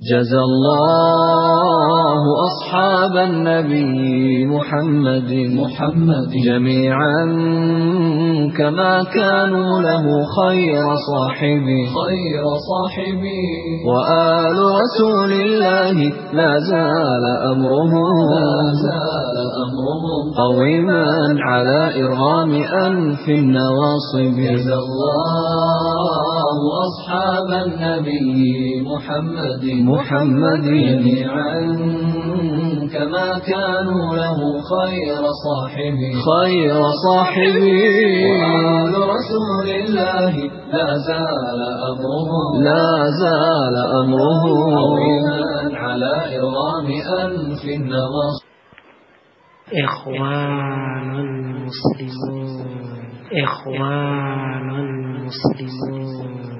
جزى الله أصحاب النبي محمد محمد جميعا كما كانوا له خير صاحبي خير صاحبي وآل رسول الله لا زال أمرهم لا زال قويما على إرغام أنف النواصب جزى الله أصحاب النبي محمد محمد جميعا كما كانوا له خير صاحبي خير صاحبي وآل رسول الله لا زال أمره لا زال أمره على إرغام أنف النظر إخوان المسلمون إخوان المسلمون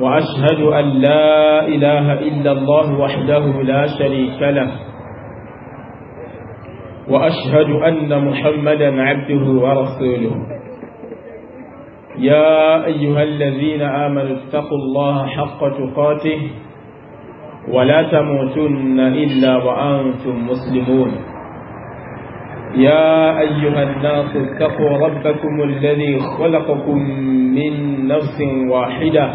وأشهد أن لا إله إلا الله وحده لا شريك له وأشهد أن محمدا عبده ورسوله يا أيها الذين آمنوا اتقوا الله حق تقاته ولا تموتن إلا وأنتم مسلمون يا أيها الناس اتقوا ربكم الذي خلقكم من نفس واحدة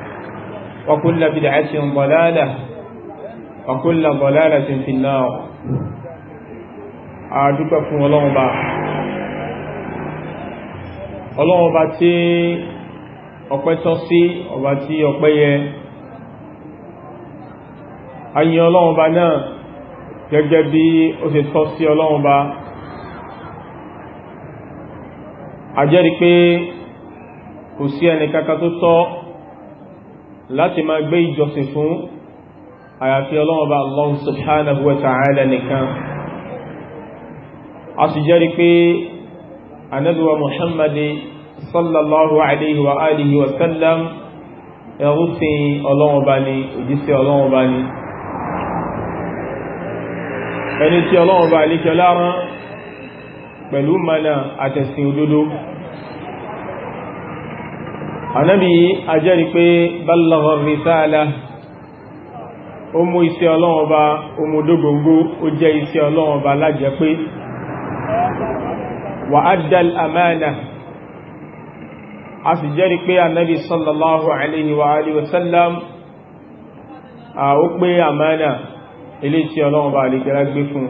وكل بدعة ضلالة وكل ضلالة في النار àdúgbà fún ọlọ́ọ̀bá ọlọ́ọ̀bá tí ọpẹ́ tọ́ sí ọba tí ọpẹ́ yẹ ayin ọlọ́ọ̀bá náà gẹ́gẹ́ bí ó ṣe tọ́ sí ọlọ́ọ̀bá a jẹ́rìí pé kò sí ẹnìkankan tó tọ́ láti máa gbé ìjọsìn fún àyàfi ọlọ́run ọba Allah subhanahu wa ta'ala nìkan a sì jẹ́rí pé anábíwa muhammadi sallallahu alaihi wa alihi wa sallam ẹrúsìn ọlọ́run ọba ni òjíṣẹ́ ọlọ́run ni ẹni tí ọlọ́run alíkẹ́ láàrán pẹ̀lú mana àtẹ̀sìn òdodo ànábì ajẹ́rìí pé ballagha risala ó mú iṣẹ́ ọlọ́run ọba omodógóngó ó jẹ́ iṣẹ́ ọlọ́run ọba lájẹ́ pé wa adda al-amana a sì jẹ́rìí pé ànábì sallallahu alaihi wa alihi wasallam a ó pé àmánà ilé tí ọlọ́run ọba àlìgẹ́rẹ́ gbé fún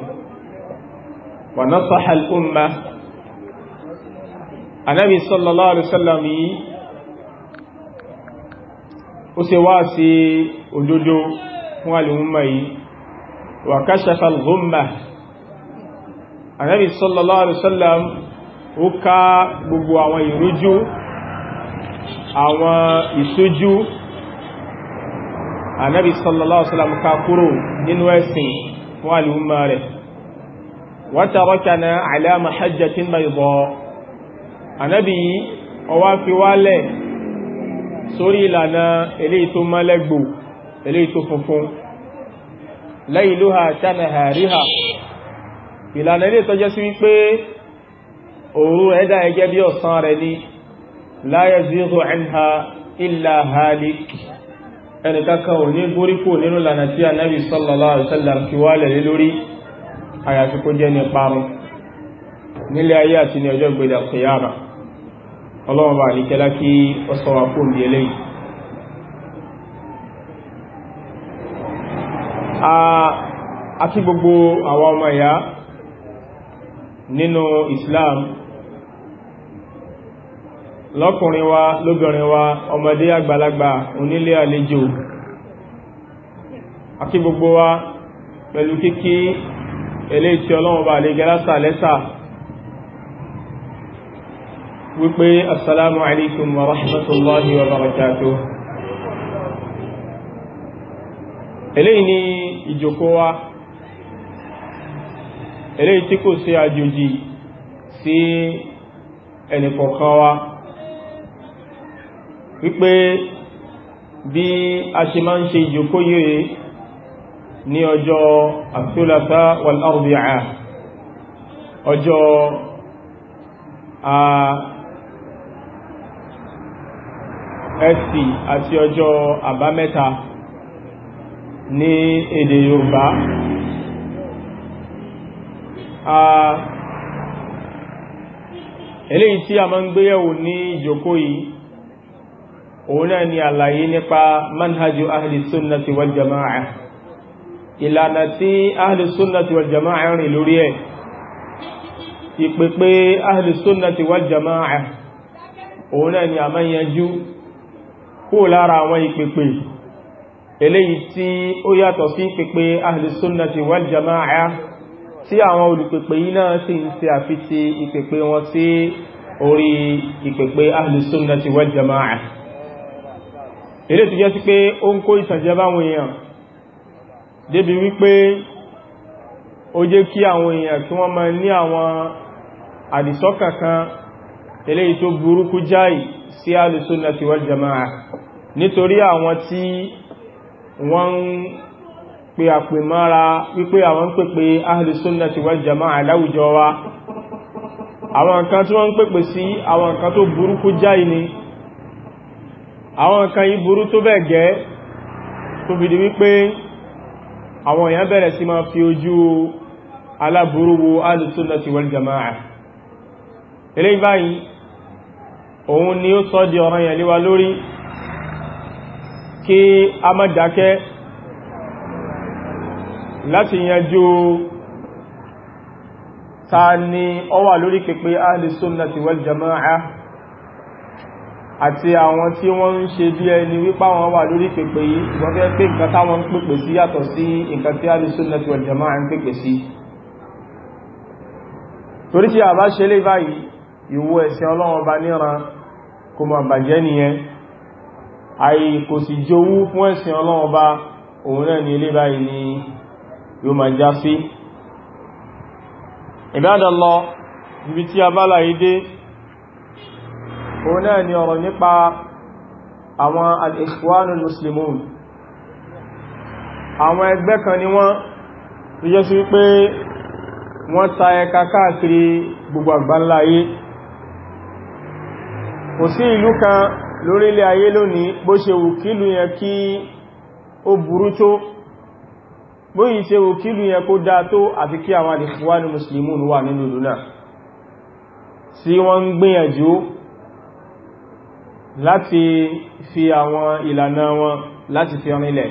wa nasaha al-umma ànábì sallallahu ó ṣe wá sí òdodo fún alìmúmà yìí wà káṣàfà lọ́mà ànábì sallallahu alaihi wasallam ó ká gbogbo àwọn ìrújú àwọn ìṣújú ànábì sallallahu alaihi wasallam ká kúrò nínú ẹ̀sìn fi wálẹ̀ sórí ìlànà eléyìí tó mọ́lẹ́gbò eléyìí tó funfun layluha kanahariha ìlànà eléyìí tó jẹ́ sí wípé òru ẹ̀dá ẹgẹ́ bí ọ̀sán rẹ̀ ni la yazighu anha illa halik ẹnìkankan ò ní gúrípò nínú lànà tí Ànábì sallallahu alaihi wasallam fi wálẹ̀ lórí àyàfi kó jẹ́ ọlọ́wọ́ bá àlíkẹ́lá kí ó sọ wá fún ìdí eléyìí àti gbogbo àwọn ọmọ ìyá nínú Islam lọ́kùnrin wa lóbìnrin wa ọmọdé àgbàlagbà onílé àlejò àti gbogbo wa pẹ̀lú kíkí eléyìí tí ọlọ́wọ́ bá àlíkẹ́lá sà lẹ́sà wípé assalamu alaikum wa rahmatullahi wa barakatuh eléyìí ni ìjókòó wa eléyìí tí kò sí àjòjì sí ẹnìkọ̀ọ̀kan wa wípé bí a ṣe máa ń ṣe ìjókòó ní ọjọ́ àtúlàtà wal ọjọ́ a ah, ẹtì àti ọjọ́ àbámẹ́ta ní èdè Yorùbá eléyìí tí a máa ń gbéyẹ̀wò ní ìjókòó yìí òun náà ni àlàyé nípa manhajú ahìlìsúnnàtí wal jama'a ìlànà tí ahìlìsúnnàtí wal jama'a rìn lórí ẹ̀ ìpèpè ahìlìsúnnàtí wal jama'a òun náà ni a máa yanjú kúrò lára àwọn ìpèpè eléyìí tí ó yàtọ̀ sí pèpè ahlùsúnnàtì wal jama'a tí àwọn olùpèpè yìí náà sì ń ṣe àfitì ìpèpè wọn sí orí ìpèpè ahlùsúnnàtì wal jama'a ilé tó jẹ́ sí pé ó ń kó ìtànjẹ báwọn èèyàn débi wípé ó jẹ́ kí àwọn èèyàn sí alùsùnnàtì wal jama'a nítorí àwọn tí wọ́n ń pè àpè mọ́ra wípé àwọn ń pèpè alùsùnnàtì wal jama'a láwùjọ wa àwọn nǹkan tí wọ́n ń pèpè sí àwọn nǹkan tó burúkú jáì ni àwọn nǹkan yìí burú tó bẹ́ẹ̀ gẹ́ tó fi di wípé àwọn èèyàn bẹ̀rẹ̀ sí máa fi ojú aláburú wo alùsùnnàtì wal jama'a eléyìí báyìí òun ni ó sọ di ọ̀ràn yẹn lé wa lórí kí a má dákẹ́ láti yanjú ta ni ó wà lórí pẹ̀pẹ̀ alìsúnnàtí wal jama'a àti àwọn tí wọ́n ń ṣe bí ẹni wípá wọn wà lórí pẹ̀pẹ̀ yìí wọ́n fẹ́ pé nǹkan táwọn ń pẹ̀pẹ̀ sí yàtọ̀ sí nǹkan tí alìsúnnàtí wal jama'a ń pẹ̀pẹ̀ sí torí tí a bá ṣe lé báyìí ìwọ ẹ̀sìn ọlọ́run ọba níran kò mọ̀ bàjẹ́ nìyẹn àì kò sì jowú fún ẹ̀sìn ọlọ́run ọba òun náà ni ilé báyìí ni yóò máa já sí ìbádàlọ́ ibi tí a bá láyé dé òun náà ni ọ̀rọ̀ nípa àwọn al-ikhwanul muslimun àwọn ẹgbẹ́ kan ni wọ́n tó jẹ́ sí wípé wọ́n ta ẹka káàkiri gbogbo àgbáńlá kò sí ìlú kan lórílẹ̀ ayé lónìí bó ṣe wù kílù yẹn kí ó burú tó bó yìí ṣe wù kílù yẹn kó dáa tó àti kí àwọn àdìfúwánì musulmùn wà nínú ìlú náà sí wọ́n ń gbìyànjú láti fi àwọn ìlànà wọn láti fi ọmọlẹ̀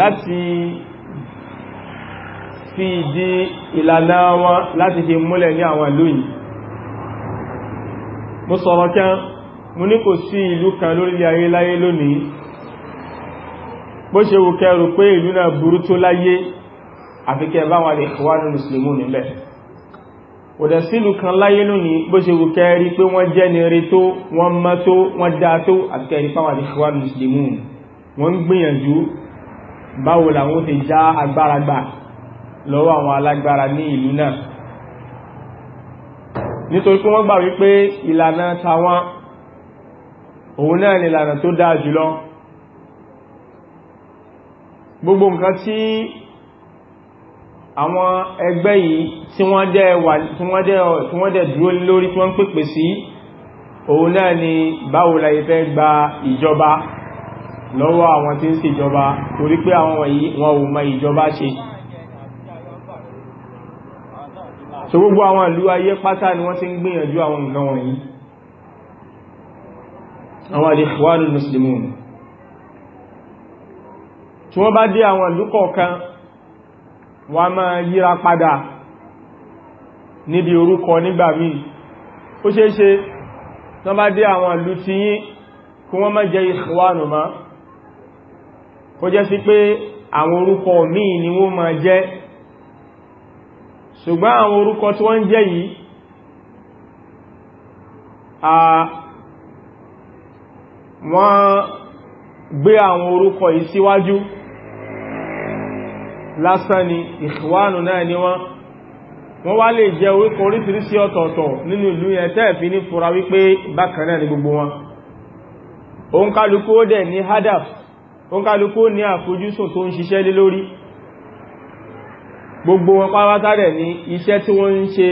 láti fi ìdí ìlànà wọn láti fi múlẹ̀ ní àwọn ìlú yìí mo sọ̀rọ̀ kán mo ní kò sí ìlú kan lórí ayé láyé lónìí bó ṣe wù kẹrù pé ìlú náà burú tó láyé àfikẹ́ bá wà lè wà ní mùsùlùmí nílẹ̀ kò dẹ̀ sí ìlú kan láyé lónìí bó ṣe wù kẹrí pé wọ́n jẹ́ nire tó wọ́n mọ́ tó wọ́n dá tó àfikẹ́ ipá wà ní mùsùlùmí nítorí pé wọ́n gbà wípé ìlànà tàwọn òun náà ni ìlànà tó dáa jùlọ gbogbo nǹkan tí àwọn ẹgbẹ́ yìí tí wọ́n dẹ̀ dúró lórí tí wọ́n pèpè sí òun náà ni báwo la ìfẹ́ gba ìjọba lọ́wọ́ àwọn tí ń ṣèjọba torí pé àwọn wọ̀nyí wọn ò mọ ìjọba ṣe so gbogbo àwọn ìlú ayé pátá ni wọ́n ti ń gbìyànjú àwọn nǹkan wọ̀nyí àwọn al-Ikhwanul Muslimun tí wọ́n bá dé àwọn ìlú kọ̀ọ̀kan wọ́n máa yíra padà níbi orúkọ nígbà míì ó ṣeé ṣe tí wọ́n bá dé àwọn ìlú ti yín kí wọ́n má jẹ́ Ikhwanu mọ́ kó jẹ́ sí pé àwọn orúkọ míì ni wọ́n máa jẹ́ ṣùgbọ́n àwọn orúkọ tí wọ́n ń jẹ́ yìí a wọ́n gbé àwọn orúkọ yìí síwájú lásán ni ìṣwánù náà ni wọ́n wọ́n wá lè jẹ orúkọ oríṣiríṣi ọ̀tọ̀ọ̀tọ̀ nínú ìlú yẹn tẹ́ẹ̀fì ní fura wípé bákan náà ni gbogbo wọn òun ó dẹ̀ ní hadaf òun ó ní àfojúsùn tó ń ṣiṣẹ́ lé lórí gbogbo wọn pàwátá rẹ̀ ní iṣẹ́ tí wọ́n ń ṣe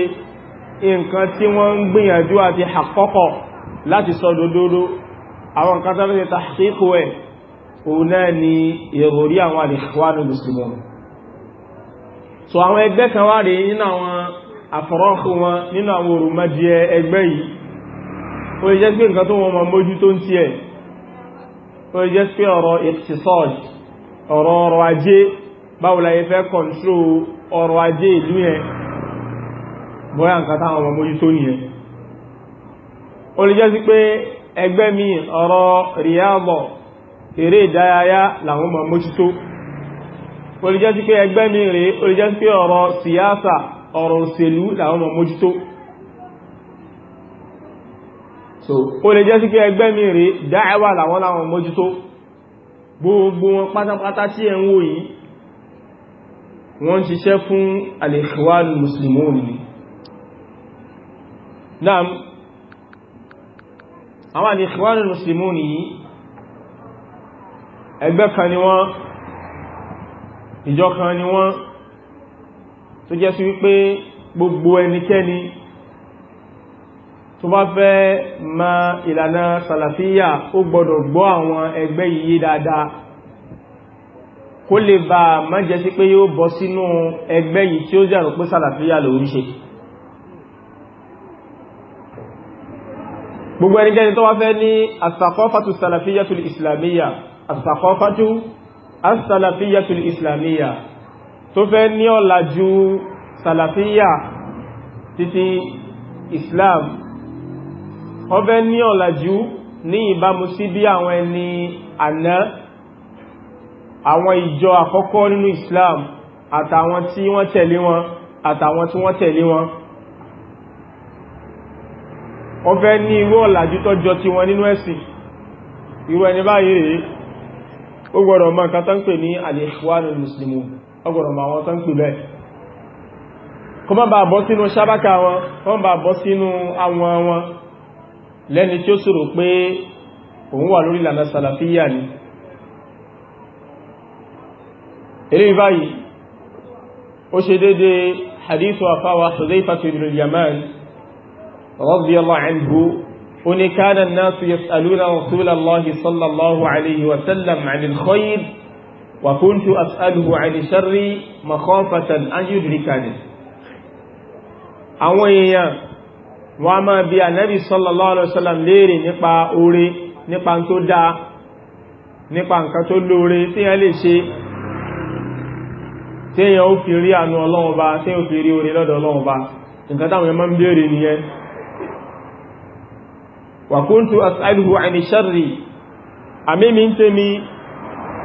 nǹkan tí wọ́n ń gbìyànjú àti àkọ́kọ́ láti sọ dòdòdó àwọn nǹkan tó fẹ́ tàṣíkò ẹ̀ òun náà ni ìròrí àwọn àdìsíwánù mùsùlùmí so àwọn ẹgbẹ́ kan wá rí nínú àwọn àfọ́rọ́kù tí ẹ̀ ó lè ọ̀rọ̀ ọ̀rọ̀ ajé báwo la yẹ fẹ́ kọ̀ntró ọrọ̀ ajé ìlú yẹn bóyá nǹkan táwọn ọmọ mójútó nìyẹn ó lè jẹ́ sí pé ẹgbẹ́ mi ọ̀rọ̀ ríyàbọ̀ eré ìdárayá làwọn ọmọ mójútó ó lè jẹ́ sí pé ẹgbẹ́ mi rèé ó lè jẹ́ sí pé ọ̀rọ̀ siyasa ọ̀rọ̀ òṣèlú làwọn ọmọ mójútó so ó lè jẹ́ sí pé ẹgbẹ́ mi rèé dáẹ́wà làwọn làwọn mójútó gbogbo pátápátá tí ẹ̀ yìí wọ́n ṣiṣẹ́ fún al-Ikhwanul Muslimun ni naam àwọn al-Ikhwanul Muslimun ni ẹgbẹ́ kan ni wọ́n ìjọ kan ni wọ́n tó jẹ́ sí wípé gbogbo ẹnikẹ́ni tó bá fẹ́ ma ìlànà sàlàfíyà ó gbọ́dọ̀ gbọ́ àwọn ẹgbẹ́ yìí dáadáa kó lè bá mọ́jẹ sí pé yóò bọ́ sínú ẹgbẹ́ yìí tí ó jẹ́rù pé sàlàfíà lórí ṣe gbogbo ẹnikẹ́ni tó wá fẹ́ ní asàkọ́fàtù sàlàfíyàtul islamiyya asàkọ́fàtù asàlàfíyàtul islamiyya tó fẹ́ ní ọ̀làjú sàlàfíyà títí islam ó fẹ́ ní ọ̀làjú ní ìbámu sí bí àwọn ẹni àná àwọn ìjọ àkọ́kọ́ nínú Islam àtàwọn tí wọ́n tẹ̀lé wọn àtàwọn tí wọ́n tẹ̀lé wọn wọ́n fẹ́ ní irú ọ̀làjú tọ́jọ ti wọn nínú ẹ̀sìn irú ẹni báyìí rèé ó gbọ́dọ̀ mọ̀ nǹkan tán pè ní al-Ikhwanul Muslimun ó gbọ́dọ̀ mọ̀ àwọn tán pè bẹ́ẹ̀ kó má bàa bọ́ sínú sábákà wọn kó má bọ́ sínú àwọn wọn lẹ́ni tí ó sọ̀rọ̀ pé òun wà lórí ìlànà sàlàfíyà ni eléyìí báyìí ó ṣe dédé hadithu afáwa Hudhayfah ibn al-Yaman radiyallahu anhu ó ní kana an-nasu yas'aluna rasulallahi sallallahu alayhi wa sallam 'an al-khayr wa kuntu as'aluhu 'an ash-sharri makhafatan an yudrikani àwọn èèyàn wọ́n a máa bí ànábì sallallahu alaihi wasallam léèrè nípa oore nípa tó dáa nípa nǹkan tó lóore tí a lè ṣe téèyàn ó fi rí àánú ọlọ́run bá téèyàn ó fi rí orí lọ́dọ̀ ọlọ́run bá nǹkan táwọn èèyàn máa ń béèrè nìyẹn wa kuntu as'aluhu 'ani sharri àmìmí ń tèmi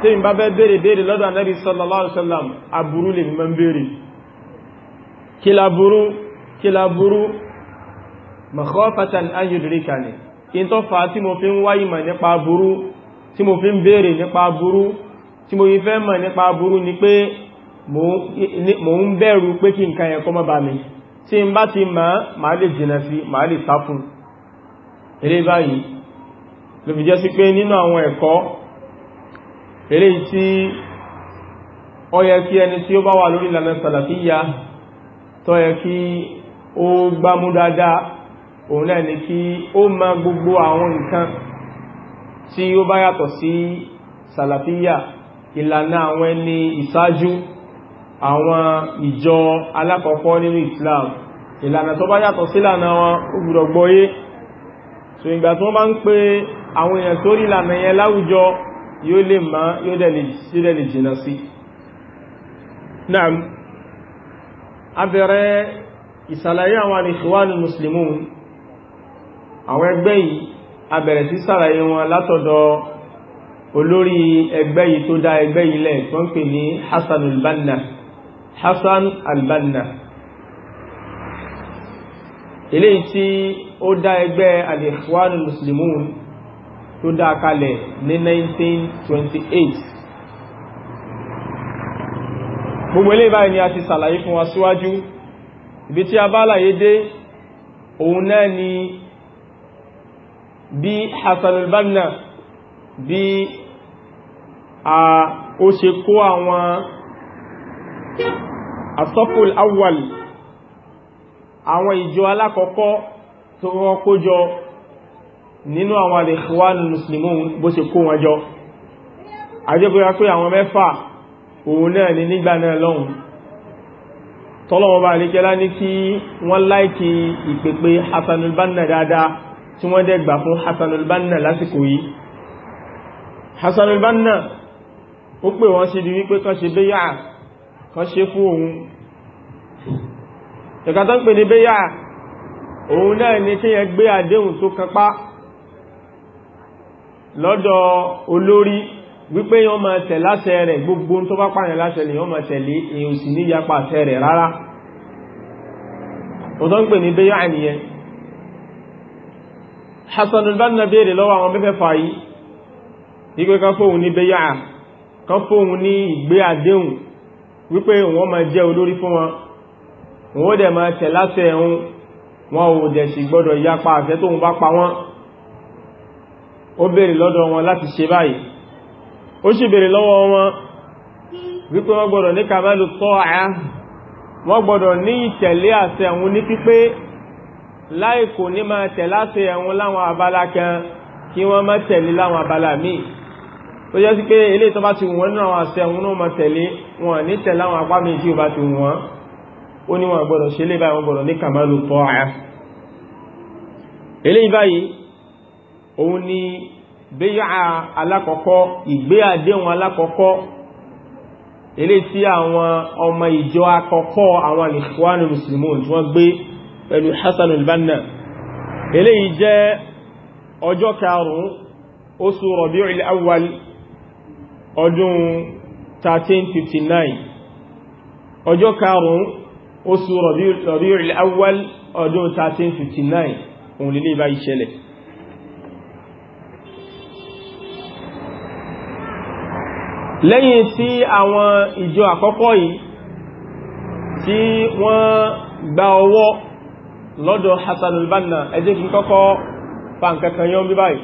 tèmi bá fẹ́ béèrè béèrè lọ́dọ̀ anábì sallallahu alaihi wasallam aburú lè máa ń béèrè kí laburú kí laburú makhafatan an yudrikani in tó fa tí mo fi ń wáyìí mà nípa aburú tí mo fi ń béèrè nípa aburú mo ń bẹ̀rù pé kí nǹkan yẹn kó má bá mi tí n bá ti ma ma lè jìnà sí ma lè sáfún eré báyìí ló fi jẹ́ sí pé nínú àwọn ẹ̀kọ́ eré tí ó yẹ kí ẹni tí ó bá wà lórí ìlànà sàlàfíyà tó yẹ kí ó gbámú dáadáa òun náà ni kí ó ma àwọn ìjọ alákọ̀ọ́kọ́ nínú Islam ìlànà tó bá yàtọ̀ sílànà wọn ó gbọ́dọ̀ gbọ́yé so ìgbà tó bá ń pè àwọn èèyàn tó rí ìlànà yẹn láwùjọ yóò lè má yóò dẹ̀ lè jìnà sí náà ìsàlàyé àwọn al-Ikhwan muslimun àwọn ẹgbẹ́ yìí a bẹ̀rẹ̀ sí sàlàyé wọn látọ̀dọ̀ olórí ẹgbẹ́ yìí tó dá ẹgbẹ́ yìí lẹ̀ tó ń pè ní Hassan al-Banna Hassan al-Banna eléyìí tí ó dá ẹgbẹ́ al Muslimun tó dá kalẹ̀ ní 1928 gbogbo eléyìí báyìí ni a ti sàlàyé fún wa síwájú ibi tí a bá láyé dé òun náà ni bí Hassan al bí a ó ṣe kó àwọn asọ́fúl awwal àwọn ìjọ alákọ̀ọ́kọ́ tó wọ́n kó jọ nínú àwọn al-ikhwan muslimun bó ṣe kó wọn jọ ajẹ́bóyá pé àwọn mẹ́fà òun náà ni nígbà náà lọ́hun tọ́lọ́wọ́ bá lè kẹ́lá ní kí wọ́n láìkí ìpèpè Hassanul Banna dáadáa tí wọ́n dẹ̀ gbà fún Hassanul Banna lásìkò yìí Hassanul ó pè wọ́n sí di wípé kan ṣe béyà kan ṣe fún òun ìkan tó ń pè ní béyà òun náà ni kí yẹn gbé àdéhùn tó kápá lọ́dọ̀ olórí wípé yọ́n máa tẹ̀ láṣẹ rẹ̀ gbogbo tó bá pààyàn láṣẹ lè yọ́n máa tẹ̀lé èyàn sì ní yapa àṣẹ rẹ̀ rárá o tó ń pè ní béyà nìyẹn Hassan al-Banna béèrè lọ́wọ́ àwọn mẹ́fẹ́ fàyí wípé kan fóhun ní béyà kan fóhun ní ìgbé àdéhùn wípé wọ́n máa jẹ́ olórí fún wọn wọ́n dẹ̀ máa tẹ̀ láṣẹ ẹ̀hún wọn ò dẹ̀ sì gbọ́dọ̀ yapa àṣẹ tó ń bá pa wọ́n ó bèèrè lọ́dọ̀ wọn láti ṣe báyìí ó sì bèèrè lọ́wọ́ wọn wípé wọ́n gbọ́dọ̀ ní kàmálù tọ́ àá wọ́n gbọ́dọ̀ ní ìtẹ̀lé àṣẹ ẹ̀hún ní pípé láì kò ní máa tẹ̀ láṣẹ ẹ̀hún láwọn abala kan kí wọ́n má tẹ̀lé láwọn abala míì tó jẹ́ sí pé ilé tó bá ti wọ́n nínú àwọn àṣẹ òun náà ma tẹ̀lé wọn ní tẹ̀lé àwọn apá mi tí ó bá ti wọ́n ó ní wọn gbọ́dọ̀ ṣe lé báyìí wọn gbọ́dọ̀ ní kàmálù tọ́ àyà eléyìí báyìí òun ni bẹ́yà alákọ̀ọ́kọ́ ìgbé àdéhùn alákọ̀ọ́kọ́ eléyìí tí àwọn ọmọ ìjọ ọdún 1359 ọjọ́ karùn-ún oṣù Rabi'ul Awwal ọdún 1359 òun lè lè bá ìṣẹ̀lẹ̀ lẹ́yìn tí àwọn ìjọ àkọ́kọ́ yìí tí wọ́n gba ọwọ́ lọ́dọ̀ Hassan al-Banna ẹjẹ́ kí kọ́kọ́ fa nǹkankan yọ́ bí báyìí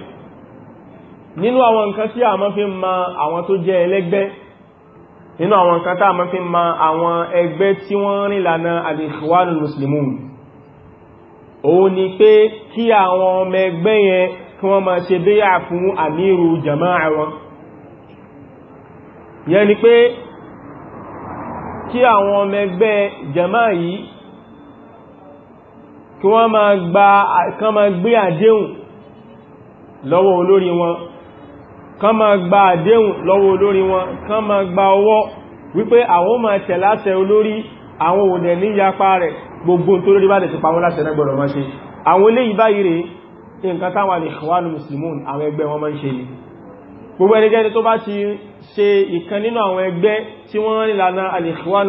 nínú àwọn nǹkan tí a máa fi ma àwọn tó jẹ́ ẹlẹ́gbẹ́ nínú àwọn nǹkan tá a máa fi ma àwọn ẹgbẹ́ tí wọ́n rìn lànà al-Ikhwanul Muslimun òun ni pé kí àwọn ọmọ ẹgbẹ́ yẹn kí wọ́n máa ṣe bíyà fún àmírù jama'a wọn yẹn ni pé kí àwọn ọmọ ẹgbẹ́ jama'a yìí kí wọ́n máa gbé àdéhùn lọ́wọ́ olórí wọn kán máa gba àdéhùn lọ́wọ́ olórí wọn kán máa gba ọwọ́ wípé àwọn máa tẹ̀ láṣẹ olórí àwọn ò dẹ̀ ní yapa rẹ̀ gbogbo tó lórí bá dẹ̀ ti pa wọ́n láṣẹ náà gbọ́dọ̀ máa ṣe àwọn eléyìí báyìí rèé nǹkan táwọn alìkọwàánù muslimun àwọn ẹgbẹ́ wọn máa ń ṣe ni gbogbo ẹnikẹ́ni tó bá ti ṣe ìkan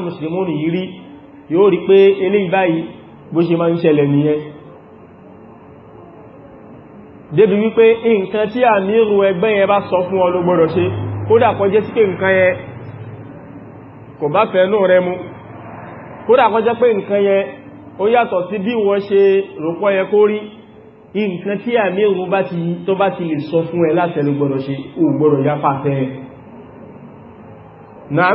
muslimun yìí rí yóò rí pé eléyìí báyìí bó débi wípé nǹkan tí àmírù ẹgbẹ́ yẹn bá sọ fún ọ ló gbọ́dọ̀ ṣe kódà kó jẹ́ sí pé nǹkan yẹn kò bá fẹ́nú rẹ mu kódà kó jẹ́ pé nǹkan yẹn ó yàtọ̀ sí bí wọ́n ṣe ròpọ̀ yẹ kó rí nǹkan tí àmírù tó bá ti lè sọ fún ẹ láti gbọ́dọ̀ ṣe ó gbọ́dọ̀ yá pàtẹ́ náà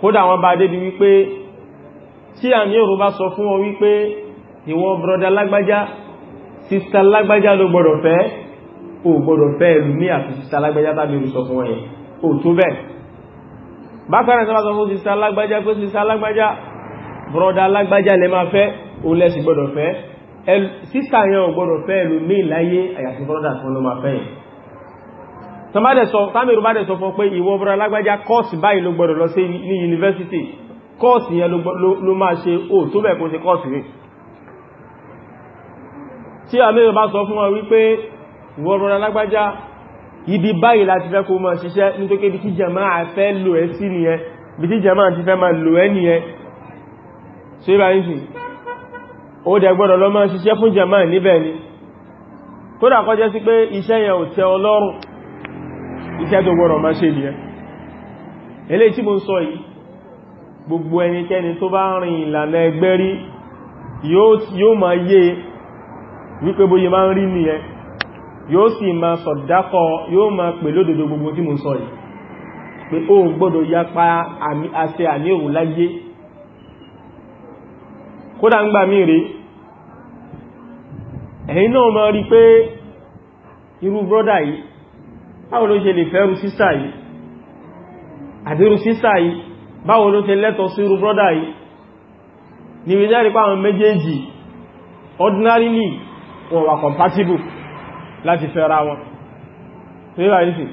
kódà lágbájá sísá lágbájá ló gbọ́dọ̀ fẹ́ o gbọ́dọ̀ fẹ́ ẹ̀lú ní àti sísá lágbájá tàbí olùsọ fún ẹ̀yẹ o tó bẹ̀ bákan náà sábàtọ̀ fún sísá lágbájá pé sísá lágbájá bọ́ọ̀dá lágbájá lẹ máa fẹ́ o lẹ́sì gbọ́dọ̀ fẹ́ sísá yẹn o gbọ́dọ̀ fẹ́ ẹ̀lú ní ìláyé àyàfi bọ́ọ̀dá tó ló máa fẹ́ yẹn tàmírù bá dẹ̀ sọ fún pé ìwọ bọ́ọ̀dá lágbájá kọ́ọ̀sì báyìí ló gbọ́dọ̀ lọ sí ní yunifásitì kọ́ọ̀sì yẹn ló máa ṣe o tó bẹ̀ kó ṣe kọ́ọ̀sì rẹ̀ tí àmìrì bá sọ fún wọn wípé wọ́rọ̀ alágbájá ibi báyìí láti fẹ́ kó mọ̀ ṣiṣẹ́ nítorí bí tí jàmáà fẹ́ lò ẹ́ sí nìyẹn bí tí jàmáà ti fẹ́ máa lò ẹ́ nìyẹn so ibà ń sì ó dẹ̀ gbọ́dọ̀ lọ máa ṣiṣẹ́ fún jàmáà níbẹ̀ ni kódà kó jẹ́ sí pé iṣẹ́ yẹn ò tẹ́ Ọlọ́run iṣẹ́ tó gbọ́dọ̀ máa ṣe nìyẹn eléyìí tí mo ń wípé bóyí máa ń rí ní ẹ yóò sì máa sọ̀dákọ yóò máa pè lódodo gbogbo tí mo sọ yìí pé ó gbọ́dọ̀ pa àṣẹ àníhùn láyé kódà ń gbà mí rí ẹ̀yìn náà máa rí pé irú brọ́dà yìí báwo ló ṣe lè sísà yìí sísà yìí ló ṣe lẹ́tọ̀ sí wọn wà compatible láti fẹ́ra wọn fẹ́ra yìí sì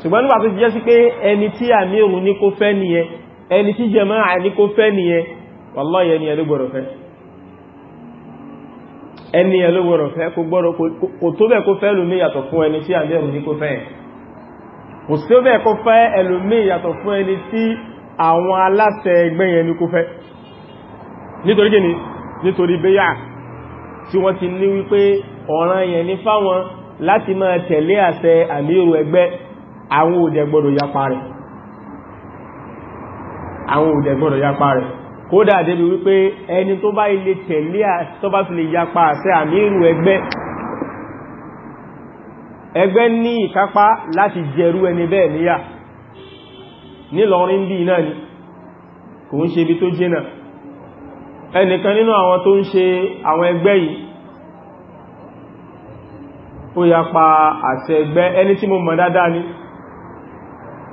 ṣùgbọ́n nígbà tó jẹ́ sí pé ẹni tí àmírù ní kó fẹ́ nìyẹn ẹni tí jàmáà ní kó fẹ́ nìyẹn wallahi ẹni ẹ̀ ló gbọ́dọ̀ fẹ́ ẹni ẹ̀ ló gbọ́dọ̀ fẹ́ kó gbọ́dọ̀ kò tó bẹ́ẹ̀ kó fẹ́ lómi yàtọ̀ fún ẹni tí àmírù ní kó fẹ́ yẹn kò sí bẹ́ẹ̀ kó fẹ́ ẹlòmí yàtọ̀ fún ẹni tí àwọn aláṣẹ ẹgbẹ́ yẹn ní kó fẹ́ nítorí gẹ́ni nítorí bẹ́yà tí wọ́n ti ní wípé ọ̀ràn yẹn ní fáwọn láti máa tẹ̀lé àṣẹ àmírù ẹgbẹ́ àwọn òdẹ gbọ́dọ̀ yapa rẹ̀ àwọn òdẹ gbọ́dọ̀ yapa rẹ̀ kódà débi wípé ẹni tó bá ilé tẹ̀lé tó bá fi lè yapa àṣẹ àmírù ẹgbẹ́ ẹgbẹ́ ní ìkápá láti jẹrú ẹni bẹ́ẹ̀ níyà nílọrin bí náà ni kò ń ṣe ibi tó jẹ́ náà ẹnìkan nínú àwọn tó ń ṣe àwọn ẹgbẹ́ yìí ó yapa àṣẹ ẹgbẹ́ ẹni tí mo mọ̀ dáadáa ni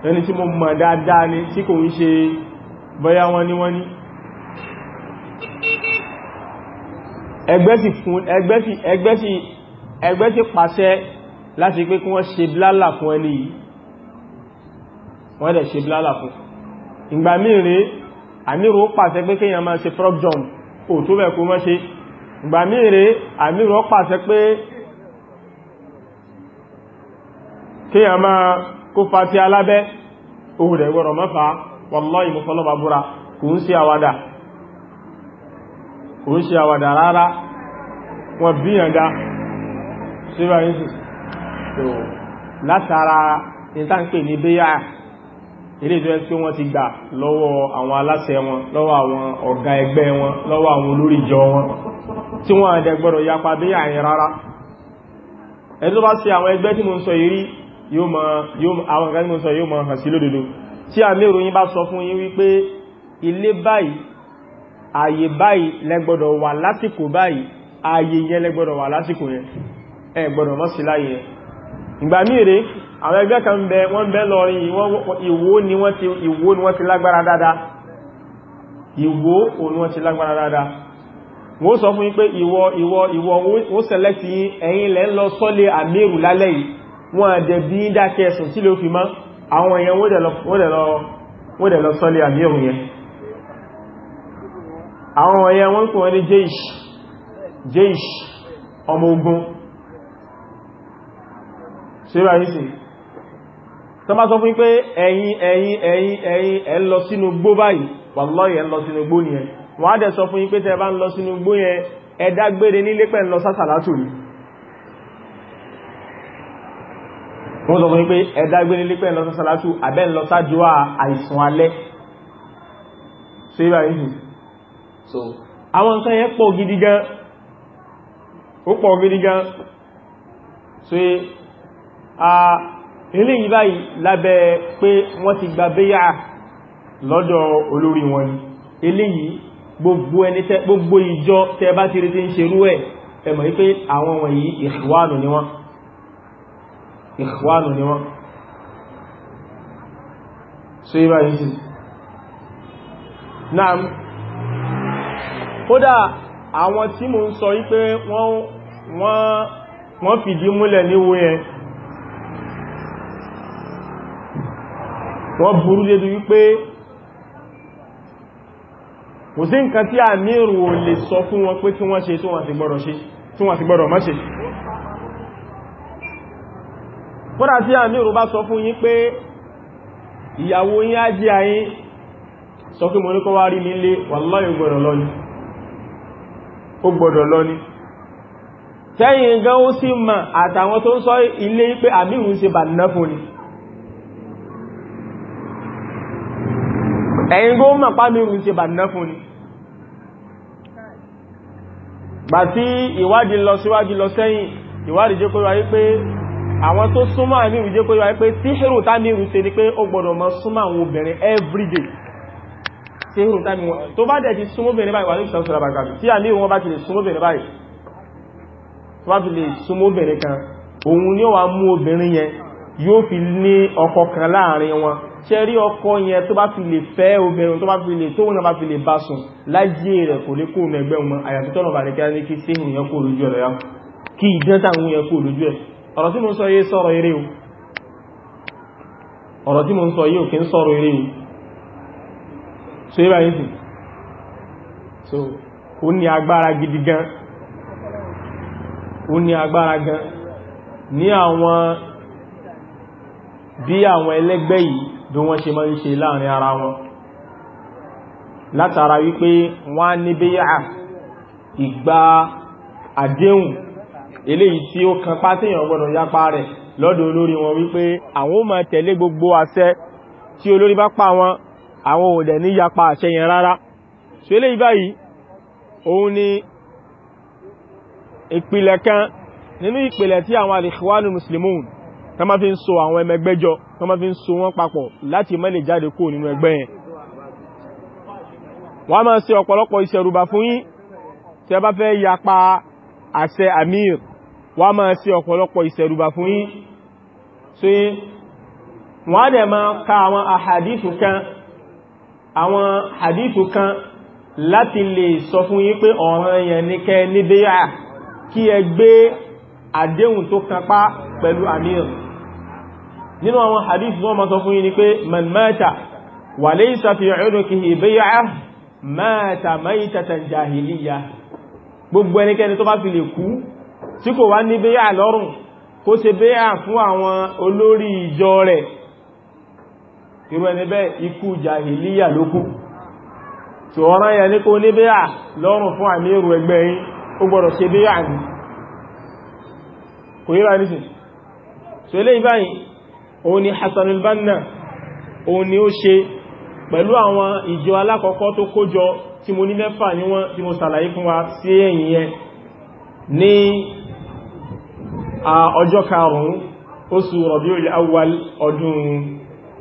ẹni tí mo mọ̀ dáadáa ni tí kò ń ṣe bọ́yá wọ́n ní wọ́n ní ẹgbẹ́ ẹgbẹ́ sì pàṣẹ láti pé kí wọ́n ṣe blálà fún ẹni yìí wọ́n dẹ̀ ṣe blálà fún ìgbà mí rèé àmìrò pàṣẹ pé kéèyàn máa ṣe frog jump ò tó bẹ̀ kó mọ́ ṣe ìgbà mìíràn àmìrò pàṣẹ pé kéèyàn máa kó fa ti alábẹ́ òhùn rẹ̀ mọ́fà wallahi ìmúfọ́lọ́bà kò ń ṣe àwàdà rárá wọn bíyànda síbáyínsì látara ilé ìjọ tí wọ́n ti gbà lọ́wọ́ àwọn aláṣẹ wọn lọ́wọ́ àwọn ọ̀gá ẹgbẹ́ wọn lọ́wọ́ àwọn olórí ìjọ wọn tí wọ́n àdẹ gbọ́dọ̀ yapa bí àyìn rárá ẹni tó bá ṣe àwọn ẹgbẹ́ tí mo ń sọ yìí rí àwọn ẹgbẹ́ tí mo ń sọ yóò mọ̀ hàn sí lódodo tí àmìrò yín bá sọ fún yín wípé ilé báyìí ààyè báyìí lẹ́gbọ́dọ̀ wà lásìkò báyìí ààyè yẹn lẹ́gbọ́dọ̀ wà lásìkò yẹn ẹ mọ́ sí láyé ìgbà míì rèé àwọn ẹgbẹ́ kan bẹ wọ́n bẹ lọ́rin ìwó ni wọ́n ti lágbára dáadáa ìwó òun wọ́n ti lágbára dáadáa wọ́n sọ fún yín pé ìwọ ìwọ ìwọ ó sẹlẹ́tì yín ẹ̀yin lẹ́ ń lọ sọ́lẹ̀ àmẹ́rù lálẹ́ yìí wọ́n àdẹ̀ bí í dákẹ́ ẹ̀sùn tí ló fi mọ́ àwọn èèyàn wó dẹ̀ lọ sọ́lẹ̀ àmẹ́rù yẹn àwọn èèyàn wọ́n kò wọ́n ní jeish jeish ọmọ ogun ṣe bá yìí sí tó bá sọ fún pé ẹ̀yin ẹ̀yin ẹ̀yin ẹ̀yin ẹ̀ lọ sínú gbó báyìí wàlọ́yẹ̀ ẹ̀ lọ sínú gbó nìyẹn wọ́n á dẹ̀ sọ fún yín pé tẹ́ bá ń lọ sínú gbó yẹn ẹ̀dá gbére nílé pẹ̀ ń lọ sásàlátù ni so àwọn nǹkan gidi gan ó gidi gan so a eléyìí báyìí lábẹ́ pé wọ́n ti gba béyà lọ́dọ̀ olórí wọn ni eléyìí gbogbo ẹni tẹ́ gbogbo ìjọ tẹ́ bá ti rí tí ń ṣerú ẹ̀ ẹmọ̀ wípé àwọn wọ̀nyí ìhwánù ni wọ́n ìhwánù ni wọ́n so yí báyìí sí náà kódà àwọn tí mo ń sọ wípé wọ́n fìdí múlẹ̀ níwó yẹn wọ́n burú dédú wípé kò sí nǹkan tí àmìrù ò lè sọ fún wọn pé tí wọ́n ṣe tí wọ́n ti gbọ́dọ̀ ṣe tí wọ́n ti gbọ́dọ̀ má ṣe kódà tí àmìrù bá sọ fún yín pé ìyàwó yín á jí ayín sọ fún mọ́ kọ́ wá rí nílé wallahi ó gbọ́dọ̀ lọ ni ó ẹ̀yin gó mọ̀ pàmírù ṣe bà ná fún ni bà tí ìwádìí lọ síwájú lọ sẹ́yìn ìwádìí jẹ́ kó wáyé pé àwọn tó súnmọ́ àmírù jẹ́ kó wáyé pé síhìrù támírù ṣe ni pé ó gbọ́dọ̀ mọ́ súnmọ́ àwọn obìnrin everyday síhìrù támírù tó bá dẹ̀ ti súnmọ́bìnrin báyìí wà ní ìṣàṣọ́ra bàgbà tí àmírù wọn bá ti lè súnmọ́bìnrin báyìí tó bá ti lè súnmọ́bìnrin kan òun ni ó wà mú obìnrin yẹn yóò fi ní ọkọ kan láàrin wọn ṣe rí ọkọ yẹn tó bá fi lè fẹ́ obìnrin tó bá fi lè tóun náà bá fi lè bá sùn láyé rẹ̀ kò lè kó mẹ́gbẹ́ wọn àyàfi tọ́nà bàrẹ̀ kí a ní kí séhùn yẹn kó lójú ẹ̀rọ yẹn kí ìdán táwọn yẹn kó lójú ẹ̀ ọ̀rọ̀ tí mo ń sọ yé sọ̀rọ̀ eré o ọ̀rọ̀ bí àwọn ẹlẹ́gbẹ́ yìí bí wọ́n ṣe máa ń ṣe láàrin ara wọn látara wípé wọ́n á ní bíyà ìgbà àdéhùn eléyìí tí ó kan pátíyàn gbọ́dọ̀ yápa rẹ̀ lọ́dọ̀ olórí wọn wípé àwọn ó máa tẹ̀lé gbogbo àṣẹ tí olórí bá pa wọn àwọn ò dẹ̀ ní yapa àṣẹ yẹn rárá ìpìlẹ̀ kan nínú ìpìlẹ̀ tí àwọn al-Ikhwanul Muslimun tán máa fi ń so àwọn ẹmẹgbẹ́ jọ tán máa fi ń so wọ́n papọ̀ láti má jáde kúrò nínú ẹgbẹ́ yẹn wọ́n máa ṣe ọ̀pọ̀lọpọ̀ ìṣẹ̀rùbà fún yín tí ẹ bá fẹ́ yapa àṣẹ amir wọ́n máa ṣe ọ̀pọ̀lọpọ̀ ìṣẹ̀rùbà fún yín tí wọ́n á dẹ̀ máa ka àwọn àhàdìsù kan àwọn àhàdìsù kan láti lè sọ fún yín pé ọ̀ràn yẹn ní kẹ́ níbíyà kí ẹ gbé àdéhùn tó kan pá pẹ̀lú amir nínú àwọn hadith wọ́n ma sọ fún yín ni pé man mata wa laysa fi unukihi bay'ah mata maytatan jahiliyyah gbogbo ẹnikẹ́ni tó bá fi lè kú tí kò wá ní bay'ah lọ́rùn kó ṣe bay'ah fún àwọn olórí ìjọ rẹ̀ irú ẹni bẹ́ẹ̀ ikú jahiliyyah ló òun ni Hassan al-Banna òun ni ó ṣe pẹ̀lú àwọn ìjọ alákọ̀ọ́kọ́ tó kójọ tí mo ní mẹ́fà ní wọ́n tí mo sàlàyé fún wa sí ẹ̀yìn yẹn ní ọjọ́ karùn-ún oṣù Rabiul Awwal ọdún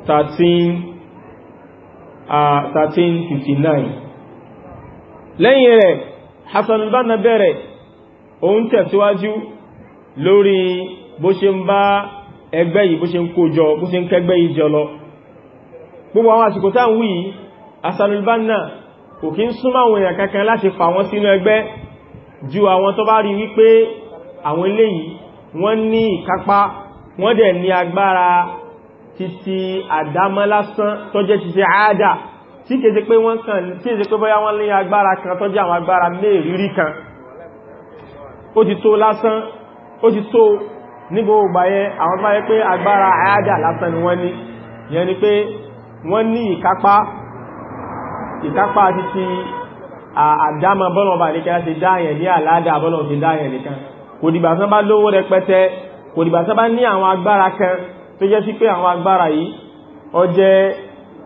1359 lẹ́yìn rẹ̀ Hassan al-Banna bẹ̀rẹ̀ òun tẹ̀síwájú lórí bó ṣe ń bá ẹgbẹ́ yìí bó ṣe ń kó jọ bó ṣe ń kẹgbẹ́ yìí jọ lọ gbogbo àwọn àsìkò tá ń wí asanulbanna kò kí ń súnmọ́ àwọn èèyàn kankan láti fà wọ́n sínú ẹgbẹ́ ju àwọn tó bá rí wípé àwọn eléyìí wọ́n ní ìkápá wọ́n dẹ̀ ní agbára títí àdámọ́ tí kèsí pé wọ́n kàn tí kèsí pé bóyá wọ́n lé agbára kan tó àwọn agbára mẹ́rìírí kan ó ti tó lásán ó ti tó ní gbogbo àwọn báyẹ pé agbára àyájà lásán ni wọ́n ní yẹn ni pé wọ́n ní ìkápá ìkápá àti ti àdámà bọ́nà ọba nìkan ti dáyẹ̀ ní àládà bọ́nà ti dáyẹ̀ nìkan kò dìgbà tán bá lówó rẹpẹtẹ kò dìgbà tán bá ní àwọn agbára kan tó jẹ́ sí pé àwọn agbára yìí ó jẹ́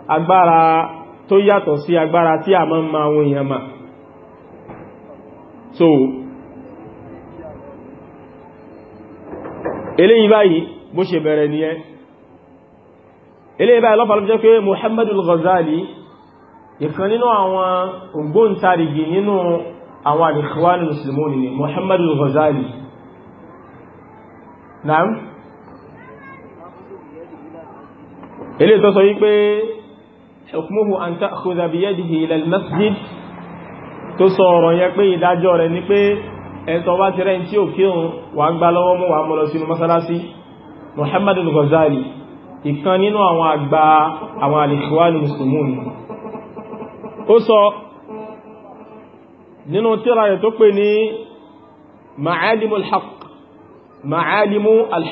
agbára so eléyìí báyìí bó ṣe bẹ̀rẹ̀ ní ẹ eléyìí báyìí lọ́pàá ló jẹ́ pé Muhammadu al-Ghazali ìkan nínú àwọn ògbóǹtarìgì nínú àwọn al-Ikhwan al-Muslimun ni Muhammadu al-Ghazali naam eléyìí tó sọ wípé hukmuhu an ta'khudha biyadihi ila al-masjid tó sọ ọ̀rọ̀ yẹ pé ìdájọ́ rẹ̀ ni pé ẹ̀ntọ́ bá ti rẹ̀ tí ó kéhùn wà ń gbá lọ́wọ́ mú wà mọ́ lọ sínú mọ́sálásí Muhammad al-Ghazali ìkan nínú àwọn àgbà àwọn al-Ikhwanul Muslimun ó sọ nínú tírà rẹ̀ tó pè ní ma'alimu al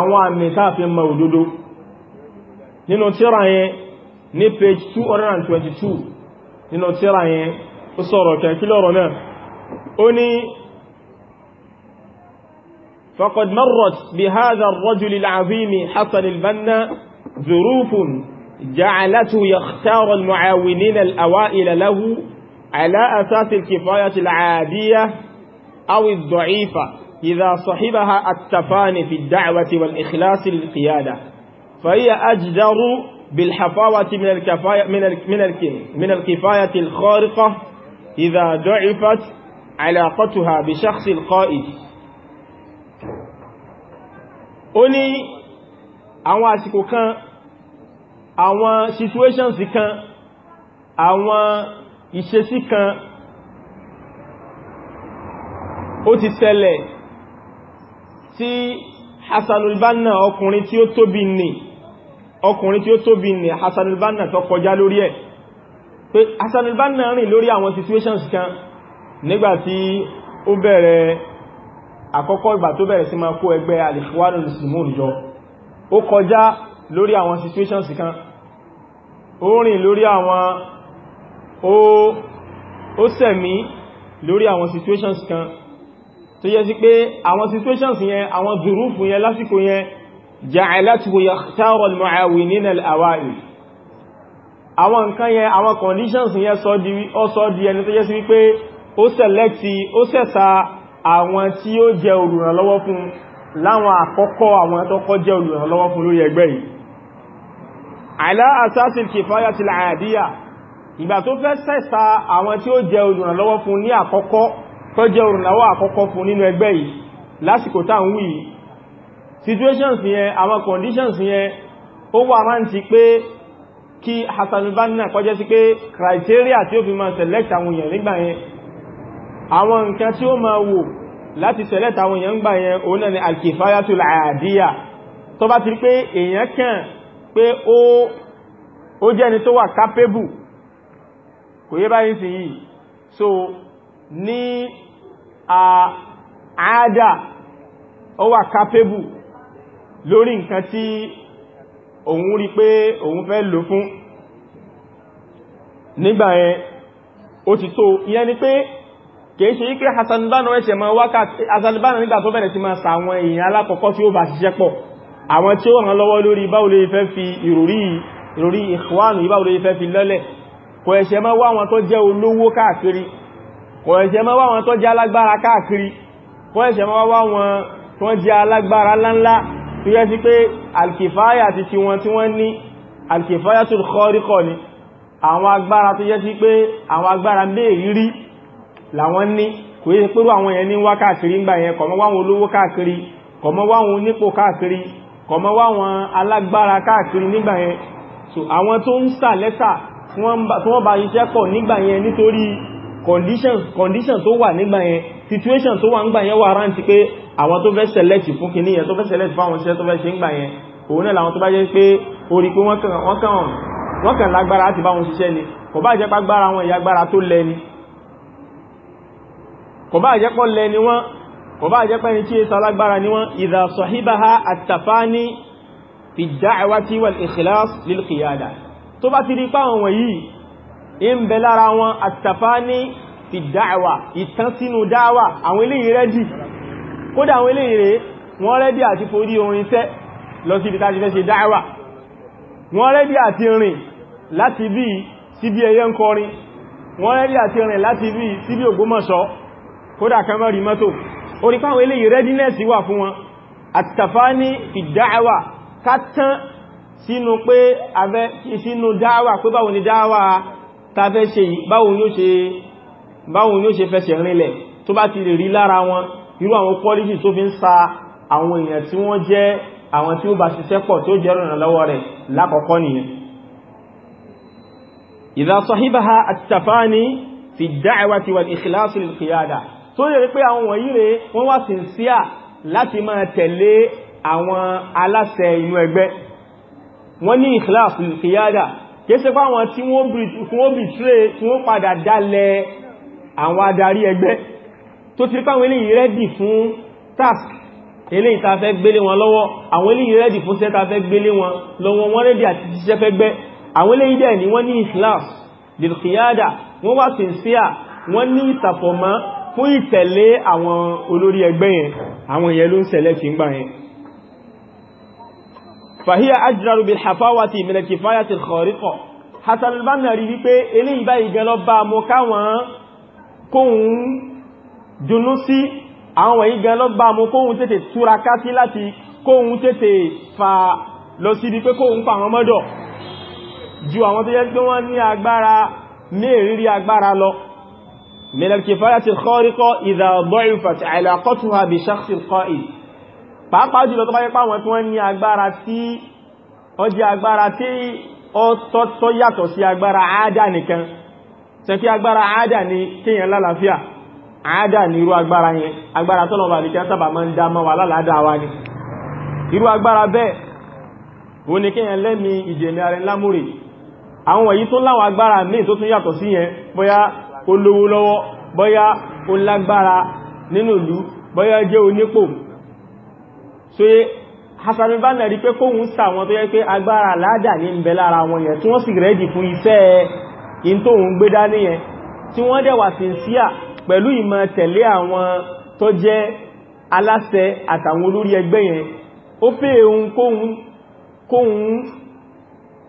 àwọn àmì táàfin ma òdodo nínú tírà yẹn ní page 222 nínú tírà yẹn ó sọ̀rọ̀ kẹ́kí náà أني فقد مرت بهذا الرجل العظيم حسن البنا ظروف جعلته يختار المعاونين الأوائل له على أساس الكفاية العادية أو الضعيفة إذا صحبها التفاني في الدعوة والإخلاص للقيادة فهي أجدر بالحفاوة من الكفاية من من الكفاية الخارقة إذا ضعفت علاقتها بشخص القائد ó ní àwọn àsìkò kan àwọn situations kan àwọn ìṣesí kan ó ti ṣẹlẹ̀ tí Hassanul Banna ọkùnrin tí ó tóbi ní ọkùnrin tí ó tóbi ní Hassanul Banna lórí ẹ̀ pé Hassanul rìn lórí àwọn situations kan nígbàtí ó bẹ̀rẹ̀ àkọ́kọ́ ìgbà tó bẹ̀rẹ̀ sí máa kó ẹgbẹ́ al-Ikhwanul Muslimun jọ ó kọjá lórí àwọn situations kan ó rìn lórí àwọn ó sẹ̀mí lórí àwọn situations kan tó yẹ sí pé àwọn situations yẹn àwọn zurufu yẹn lásìkò yẹn ja'alatuhu yakhtaru al-mu'awinin al-awa'il àwọn nǹkan yẹn àwọn conditions yẹn sọ di ẹni tó yẹ sí wípé ó sẹ̀lẹ́tì ó sẹ̀sà àwọn tí ó jẹ olùrànlọ́wọ́ fún láwọn àkọ́kọ́ àwọn tọ́kọ́ jẹ olùrànlọ́wọ́ fún lórí ẹgbẹ́ yìí àìlá àsáṣìl kìfáyà ti làáyàdíyà ìgbà tó fẹ́ sẹ̀sà àwọn tí ó jẹ olùrànlọ́wọ́ fún ní àkọ́kọ́ tó jẹ olùrànlọ́wọ́ àkọ́kọ́ fún nínú ẹgbẹ́ yìí lásìkò tá ń wí situations yẹn àwọn conditions yẹn ó wà máa ń ti pé kí Hassan al kọjẹ́ sí pé criteria tí ó fi máa select àwọn èèyàn nígbà yẹn àwọn nǹkan tí ó máa wò láti select àwọn èèyàn gbà yẹn òun náà ni alkifayatul àdíyà tó bá ti pé èèyàn kàn pé ó jẹ́ ẹni tó wà capable kò yé báyìí sí yìí so ní àádà ó wà capable lórí nǹkan tí òun rí pé òun fẹ́ lò fún nígbà yẹn ó ti tó ìyẹn ni pé kìí ṣe ike Hassan Banna ẹsẹ̀ máa wákàtí Hassan Banna nígbà tó bẹ̀rẹ̀ sí máa sa àwọn èèyàn alákọ̀ọ́kọ́ tí ó bá ṣiṣẹ́ pọ̀ àwọn tí ó ràn lọ́wọ́ lórí báwo lè fẹ́ fi ìròrí ìròrí ìkwánù báwo lè fẹ́ fi lọ́lẹ̀ kò ẹ̀ṣẹ̀ máa wá àwọn tó jẹ́ olówó káàkiri kò ẹ̀ṣẹ̀ máa wá àwọn tó jẹ́ alágbára káàkiri kò ẹ̀ṣẹ̀ máa wá àwọn tó jẹ́ alágbára láńlá tó yẹ sí pé alkifaya ti ti wọn tí wọ́n ní làwọn ní kò yẹ pẹ́rú àwọn yẹn ní wá káàkiri ń gbà yẹn kọ̀mọ́ wáwọn olówó káàkiri kọ̀mọ́ wáwọn onípò káàkiri kọ̀mọ́ wáwọn alágbára káàkiri nígbà yẹn so àwọn tó ń sà lẹ́sà tí wọ́n bá iṣẹ́ pọ̀ nígbà yẹn nítorí conditions conditions tó wà nígbà yẹn situation tó wà nígbà yẹn wà rántí pé àwọn tó fẹ́ select fún kìíní yẹn tó fẹ́ select fún àwọn iṣẹ́ tó fẹ́ ṣe nígbà yẹn òun náà làwọn wọ́n kàn lágbára láti bá wọn ṣiṣẹ́ ni kò bá jẹ́ pàgbára wọn ìyàgbára tó lẹ́ni kò bá jẹ́pọ̀ lẹ ni wọ́n kò bá jẹ́pẹ́ ni tí é salágbára ni wọ́n idha sahibaha at-tafani fi ad-da'wati wal-ikhlas lil-qiyada tó bá ti rí páwọn wọ̀nyí in bẹ sí bí ẹyẹ ń kọrin wọ́n rẹ́dì àti rìn láti bí síbi Ògbómọ̀ṣọ́ kódà kan mọ́ rí mọ́tò orí fáwọn eléyìí readiness wà fún wọn àtàfání fi dáàwà kátán sínú pé abẹ́ sínú dáàwà pé báwo ni dáàwà tafẹ́ ṣe báwo ni ó ṣe fẹsẹ̀ rinlẹ̀ tó bá ti rí lára wọn irú àwọn quality tó fi ń sa àwọn èèyàn tí wọ́n jẹ́ àwọn tí ó bá ṣiṣẹ́ pọ̀ tó jẹ́ rọ̀nà lọ́wọ́ rẹ̀ lákọ̀ọ́kọ́ fi dáàwà ti wà tó yẹ pé àwọn wọ̀nyí rẹ̀ wọ́n wá sincere láti máa tẹ̀lé àwọn aláṣẹ inú ẹgbẹ́ wọ́n ní ikhlas qiyada kéèsè pá wọn tí wọ́n bì tré task eléyìí ta fẹ́ gbélé wọn lọ́wọ́ àwọn eléyìí rẹ́dì fún iṣẹ́ ta fẹ́ gbélé wọn lọ́wọ́ wọ́n rẹ́dì àti iṣẹ́ fẹ́ gbẹ́ àwọn eléyìí dẹ̀ ni wọ́n ní ikhlas lil qiyada wọ́n wá sincere wọ́n ní ìtàfọ̀mọ́ fún ìtẹ̀lé àwọn olórí ẹgbẹ́ yẹn àwọn ìyẹn ló ń sẹ̀lẹ̀ fi ń gbà yẹn fàhíyà ajraru bil hafawati min al kifayati al khariqa Hassan al-Banna rí wípé eléyìí báyìí gan lọ bá mọ káwọn kóhun dunú sí àwọn yìí bá mọ kóhun tètè túraká sí láti kóhun tètè fa lọ sí ibi pé kóhun pa àwọn mọ́dọ̀ ju àwọn tó yẹ pé ní agbára ní èrírí agbára lọ من الكفاية الخارقة إذا ضعفت علاقتها بشخص القائد pàápàá jùlọ tó bá yẹpá wọn tí wọ́n ní agbára tí ó jẹ́ agbára tí ó tọ́tọ́ yàtọ̀ sí agbára àádà nìkan tẹ́ kí agbára àádà ní kíyàn lálàáfíà àádà ní irú agbára yẹn agbára tọ́lọ̀wà àríkẹ́ sábà máa ń dá mọ́ wà lálàádà wa ni irú agbára bẹ́ẹ̀ ó ní kíyàn lẹ́mi ìjẹ̀mí ara ńlámúrè àwọn wọ̀nyí tó láwọn agbára míì tó tún yàtọ̀ sí yẹn bóyá ó lówó lọ́wọ́ bóyá ó lágbára nínú ìlú bóyá jẹ́ onípò so yé Hassan al-Banna rí pé kóhun sàwọn tó yẹ pé agbára ládà ní ń bẹ lára wọn yẹn tí wọ́n sì rẹ́dì fún iṣẹ́ in tó ń gbé dání yẹn tí wọ́n dẹ̀ wà sínsíà pẹ̀lú ìmọ̀ tẹ̀lé àwọn tó jẹ́ aláṣẹ àtàwọn olórí ẹgbẹ́ yẹn ó fẹ́ ohun kóhun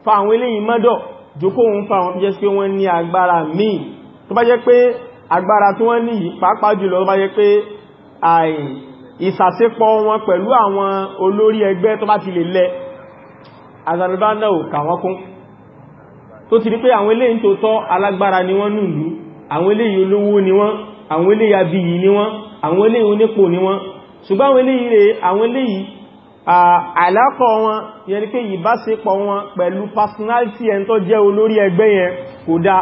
fa àwọn eléyìn mọ́dọ̀ jù fa àwọn tó jẹ́ sí pé wọ́n ní agbára míì tó bá jẹ́ pé agbára tí wọ́n ní pàápàá jùlọ tó bá jẹ́ pé àì ìsàsípọ̀ wọn pẹ̀lú àwọn olórí ẹgbẹ́ tó bá ti lè lẹ Azerbaijan náà ni wọ́n nùlú àwọn eléyìí ni wọ́n àwọn eléyìí abiyì ni wọ́n àwọn eléyìí onípò ni wọ́n ṣùgbọ́n àwọn eléyìí rẹ̀ àwọn eléyìí àlápọ̀ wọn yẹn ni pé ìbáṣepọ̀ wọn pẹ̀lú personality ẹni tó jẹ́ olórí ẹgbẹ́ yẹn kò dáa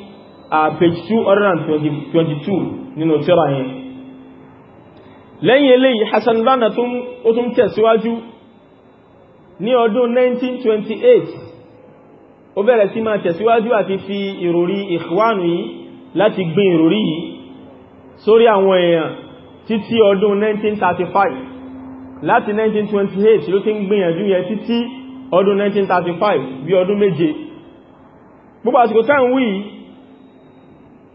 page 222 nínú tírà yẹn lẹ́yìn eléyìí Hassan Banna ó tún tẹ̀síwájú ní ọdún 1928 ó bẹ̀rẹ̀ sí máa tẹ̀síwájú àti fi ìròrí ìkwánù yìí láti gbin ìròrí yìí sórí àwọn èèyàn títí ọdún 1935 láti 1928 ló ti ń gbìyànjú yẹn títí ọdún 1935 bí ọdún méje gbogbo àsìkò táwọn wíyìí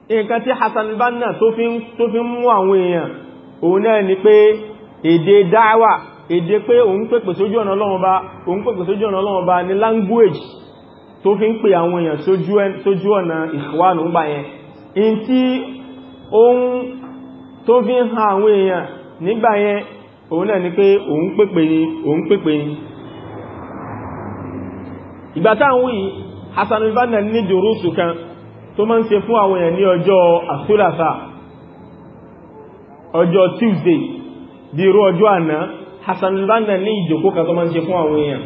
nǹkan tí Hassan Banna tó fi ń mú àwọn èèyàn òun náà ni pé èdè dáwà èdè pé òun pèpè sójú ọ̀nà Ọlọ́run òun pèpè sójú ọ̀nà Ọlọ́run Ọba language tó fi ń pè àwọn èèyàn sójú ọ̀nà ìwánù ń bà yẹn in tí ohun tó fi ń ha àwọn èèyàn nígbà yẹn òun náà ni pé òun pèpè ni òun pèpè ni ìgbà táwọn yìí Hassan Banna ní dòrósù kan tó máa ń ṣe fún àwọn èèyàn ní ọjọ́ àsúlàsà ọjọ́ Tuesday bí irú ọjọ́ àná Hassan al-Banna ní ìjòkó kan tó máa ń ṣe fún àwọn èèyàn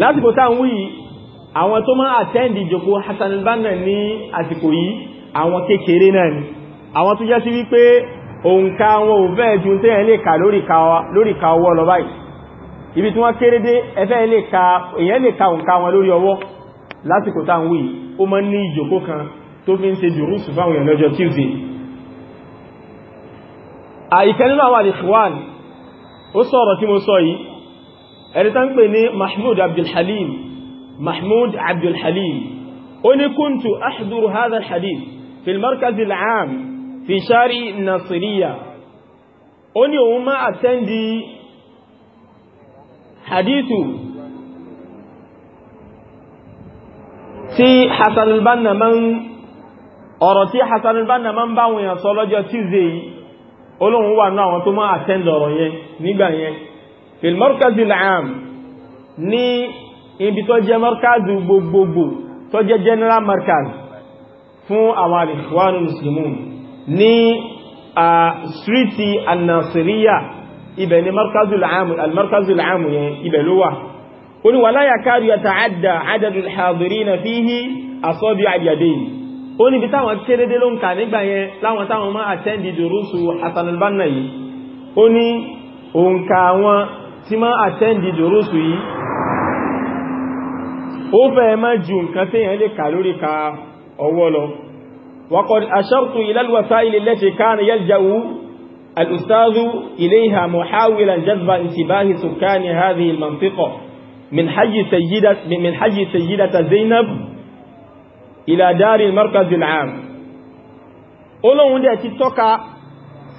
lásìkò táà ń wí àwọn tó máa attend ìjòkó Hassan al-Banna ní àsìkò yìí àwọn kékeré náà ni àwọn tó jẹ́ sí wípé òǹkà wọn ò fẹ́ ju tẹ́yẹn lè kà lórí ka ọwọ́ lọ báyìí ibi tí wọ́n kéré dé ẹfẹ́ lè ka òǹkà wọn lórí ọwọ́ lásìkò táà ń wí yìí ó mọ́ ní ìjòkó kan tó fi ń ṣe jùrú sùfáwọn èèyàn lọ́jọ́ tuesday àìkẹ́ nínú àwọn àdìsíwàn ó sọ̀rọ̀ tí mo sọ yìí ẹni tán pè ní mahmud abdulhalim mahmud abdulhalim ó ní kúntù ahduru hadith tí Hassan al-Banna ma ń ọ̀rọ̀ tí Hassan al-Banna ma ń bá wọn yàn sọ lọ́jọ́ Tuesday yìí olóhun wà náà àwọn tó máa attend ọ̀rọ̀ yẹn nígbà yẹn fil markazil am ní ibi tó jẹ́ markazu gbogbogbò tó jẹ́ general markaz fún àwọn al-Ikhwan al-Muslimun street al ibẹ̀ ni markazul am yẹn ibẹ̀ ló wà ó ní wà láyà káàdù yàtà àdà àdàdù ìhàbìrí na fi hí àsọ́bí àdìyàdé yìí ó ní bí táwọn kérédé ló ń kà nígbà yẹn láwọn táwọn máa àtẹ́ndì dùrúsù àtànàlbánà yìí ó ní òǹkà tí máa àtẹ́ndì dùrúsù yìí الوسائل التي كان يلجأ الأستاذ إليها محاولا جذب انتباه سكان هذه المنطقة من حي سيدة من حي سيدة زينب إلى دار المركز العام Ọlọ́hun dẹ̀ ti tọ́ka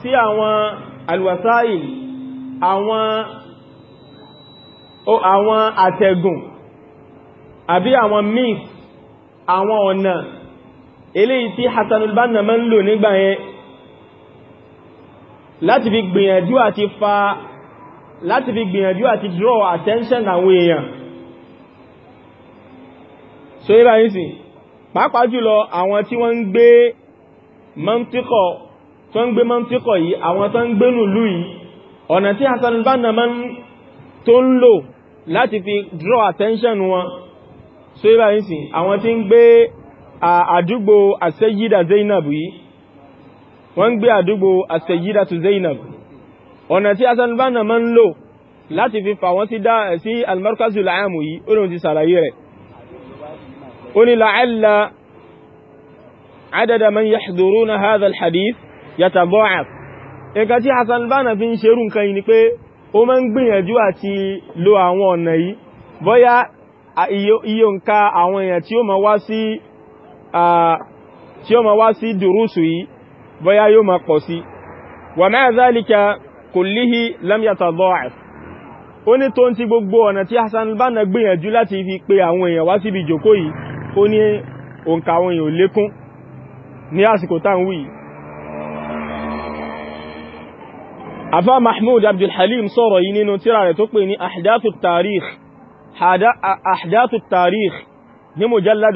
sí àwọn alwasail àwọn o àwọn àtẹ̀gùn àbí àwọn means àwọn ọ̀nà eléyìí tí Hassan al-Banna máa ń lò nígbà yẹn láti fi gbìyànjú àti fa láti fi gbìyànjú àti draw attention àwọn èèyàn so yíba yìí sí pàápàá jùlọ àwọn tí wọ́n ń gbé mọ́ntíkọ̀ tó ń gbé mọ́ntíkọ̀ yìí àwọn tó ń gbé nùlú yìí ọ̀nà tí Hassan al tó ń lò láti fi draw attention wọn so yíba yìí sí àwọn tí ń gbé àdúgbò àṣẹ́yídà Zainab yìí wọ́n ń gbé àdúgbò àṣẹ́yídà tu Zainab yìí ọ̀nà tí Hasan al-Banna máa ń lò láti fi fà wọ́n sí eh, al-markazul aamu yìí ó lóun ti sàlàyé rẹ̀ ó ní la'alla adada man yahduruna hadha al-hadith yatadha'af nǹkan tí Hasan al-Banna fi ń ṣerú nǹkan yìí ni pé ó máa ń gbìyànjú àti lo àwọn ọ̀nà yìí bóyá iye nǹka àwọn èèyàn tí ó máa wá sí tí ó máa wá sí dùrúsù yìí bóyá yóò máa pọ̀ sí wa ma'a dhalika kullihi lam yatada'af ó ní tó ń ti gbogbo ọ̀nà tí Hassan al-Banna gbìyànjú láti fi pe àwọn èèyàn wá síbi ìjókòó yìí ó ní òǹkà àwọn èèyàn lékún ní àsìkò táwọn wí afá Mahmud Abdul Halim sọ̀rọ̀ yìí nínú tírà rẹ̀ tó pè ní ahdathu tarikh ahdathu tarikh ní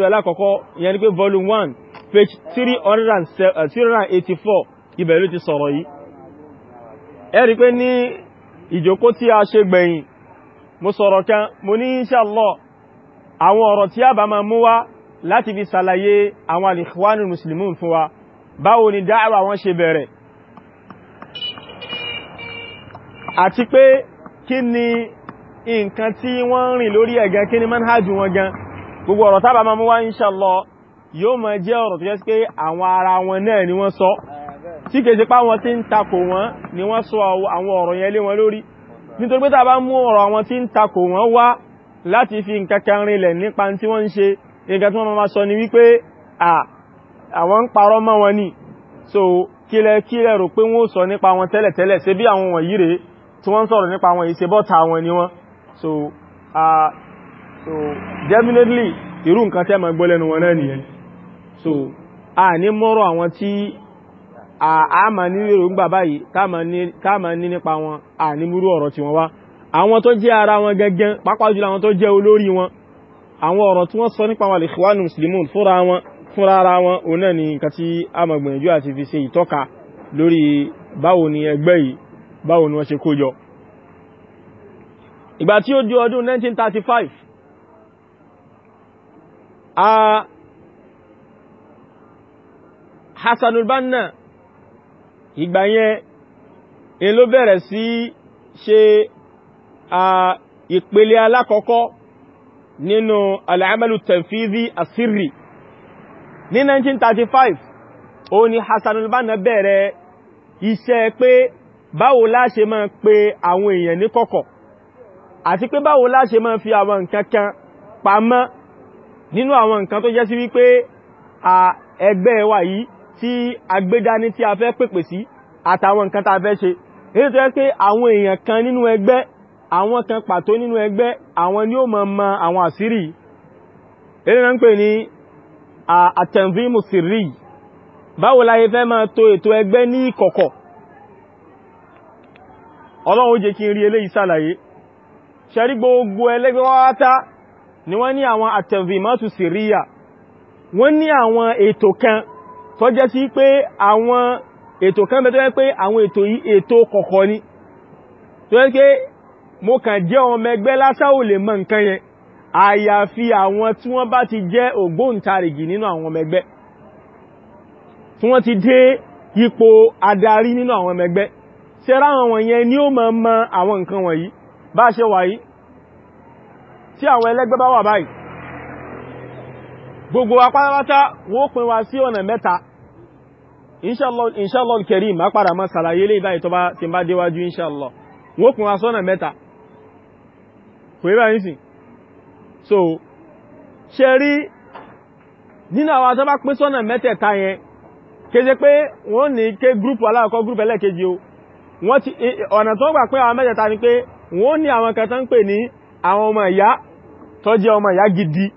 alákọ̀ọ́kọ́ yẹn ni pé volume 1 page 384 uh, ibẹ̀ ló ti sọ̀rọ̀ yìí ẹ rí pé ní ìjókòó tí a ṣe gbẹ̀yìn mo sọ̀rọ̀ kan mo ní inshallah àwọn ọ̀rọ̀ tí a bá máa mú wá láti fi ṣàlàyé àwọn al-Ikhwanul Muslimun fún wa báwo ni dáàwà wọn ṣe bẹ̀rẹ̀ àti pé kí ni nǹkan tí wọ́n rìn lórí ẹ̀gan kí ni manhaj wọn gan gbogbo ọ̀rọ̀ tá a mú wá inshallah yóò máa jẹ́ ọ̀rọ̀ tó jẹ́ pé àwọn ara wọn náà ni wọ́n sọ tí kèsì pá wọn tí ń takò wọn ni wọ́n sọ àwọn ọ̀rọ̀ yẹn lé wọn lórí nítorí pé tàbá mú ọ̀rọ̀ àwọn tí ń takò wọn wá láti fi nǹkan kan rinlẹ̀ nípa tí wọ́n ń ṣe nǹkan tí wọ́n máa sọ ni wípé àwọn ń parọ́ mọ́ wọn ni so kílẹ̀ kílẹ̀ rò pé wọ́n sọ nípa wọn tẹ́lẹ̀tẹ́lẹ̀ ṣe bí àwọn wọ̀nyí rèé tí wọ́n ń sọ̀rọ̀ nípa wọn ìṣe bọ́ta wọn ni wọ́n so so definitely irú nǹkan tẹ́ máa gbọ́ wọn náà nìyẹn so a ní mọ́rọ̀ àwọn tí àmà ní èròǹgbà báyìí táàmà ní nípa wọn ànímúrú ọ̀rọ̀ tí wọ́n wá àwọn tó jẹ́ ara wọn gẹ́gẹ́ pàápàá jùlọ àwọn tó jẹ́ olórí wọn àwọn ọ̀rọ̀ tí wọ́n sọ nípa wà lè ṣíwánù muslimun fúnra wọn fúnra ni nǹkan tí a máa gbìyànjú àti fi ṣe ìtọ́ka lórí báwo ni ẹgbẹ́ yìí báwo ni wọ́n ṣe kójọ ìgbà tí ó di ọdún 1935 a Hassanul Banna ìgbà yẹn in ló bẹ̀rẹ̀ sí ṣe ìpele alákọ̀ọ́kọ́ nínú al'amalu tanfidhi asirri ní 1935 ó ní Hassan al-Banna bẹ̀rẹ̀ iṣẹ́ pé báwo la ṣe máa pe àwọn èèyàn ní kọ̀kọ̀ àti pé báwo la ṣe fi àwọn nǹkan kan pamọ́ nínú àwọn nǹkan tó jẹ́ sí wípé ẹgbẹ́ wa yìí tí agbédání tí a fẹ́ pèpè sí àtàwọn nǹkan tá fẹ́ ṣe èyí tó yẹ pé àwọn èèyàn kan nínú ẹgbẹ́ àwọn kan pàtó nínú ẹgbẹ́ àwọn ni ó mọ̀ mọ̀ àwọn àṣírí èyí náà ń pè ní àtẹ̀mvímù sírì báwo láyé fẹ́ máa to ètò ẹgbẹ́ ní ìkọ̀kọ̀ ọlọ́run jẹ́ kí n rí eléyìí sàlàyé ṣẹ́rí gbogbo ẹlẹ́gbẹ́ wáwátá ni wọ́n ní àwọn àtẹ̀mvímù sírìyà wọ́n ní àwọn ètò kan tó jẹ́ sí pé àwọn ètò kan bẹ tó jẹ́ pé àwọn ètò yìí ètò kọ̀kọ̀ ni tó jẹ́ pé mo kàn jẹ́ ọmọ ẹgbẹ́ lásán ò lè mọ nǹkan yẹn àyàfi àwọn tí wọ́n bá ti jẹ́ ògbóǹtarìgì nínú àwọn ọmọ ẹgbẹ́ tí wọ́n ti dé ipò adarí nínú àwọn ẹgbẹ́ ṣẹ́rá àwọn yẹn ni ó máa mọ àwọn nǹkan wọ̀nyí bá ṣe wà yìí tí àwọn ẹlẹ́gbẹ́ bá wà báyìí gbogbo apárápátá wọ́n pín wa sí ọ̀nà mẹ́ta kerim a padà mọ́ sàlàyé lè báyìí tó bá ti bá déwájú inshallah wọ́n pín wa sọ́nà mẹ́ta so ṣe meta nínú àwọn tó bá wọ́n o ọ̀nà pe àwọn ni pé wọ́n ní àwọn kan ń pè ní àwọn ọmọ ìyá tó gidi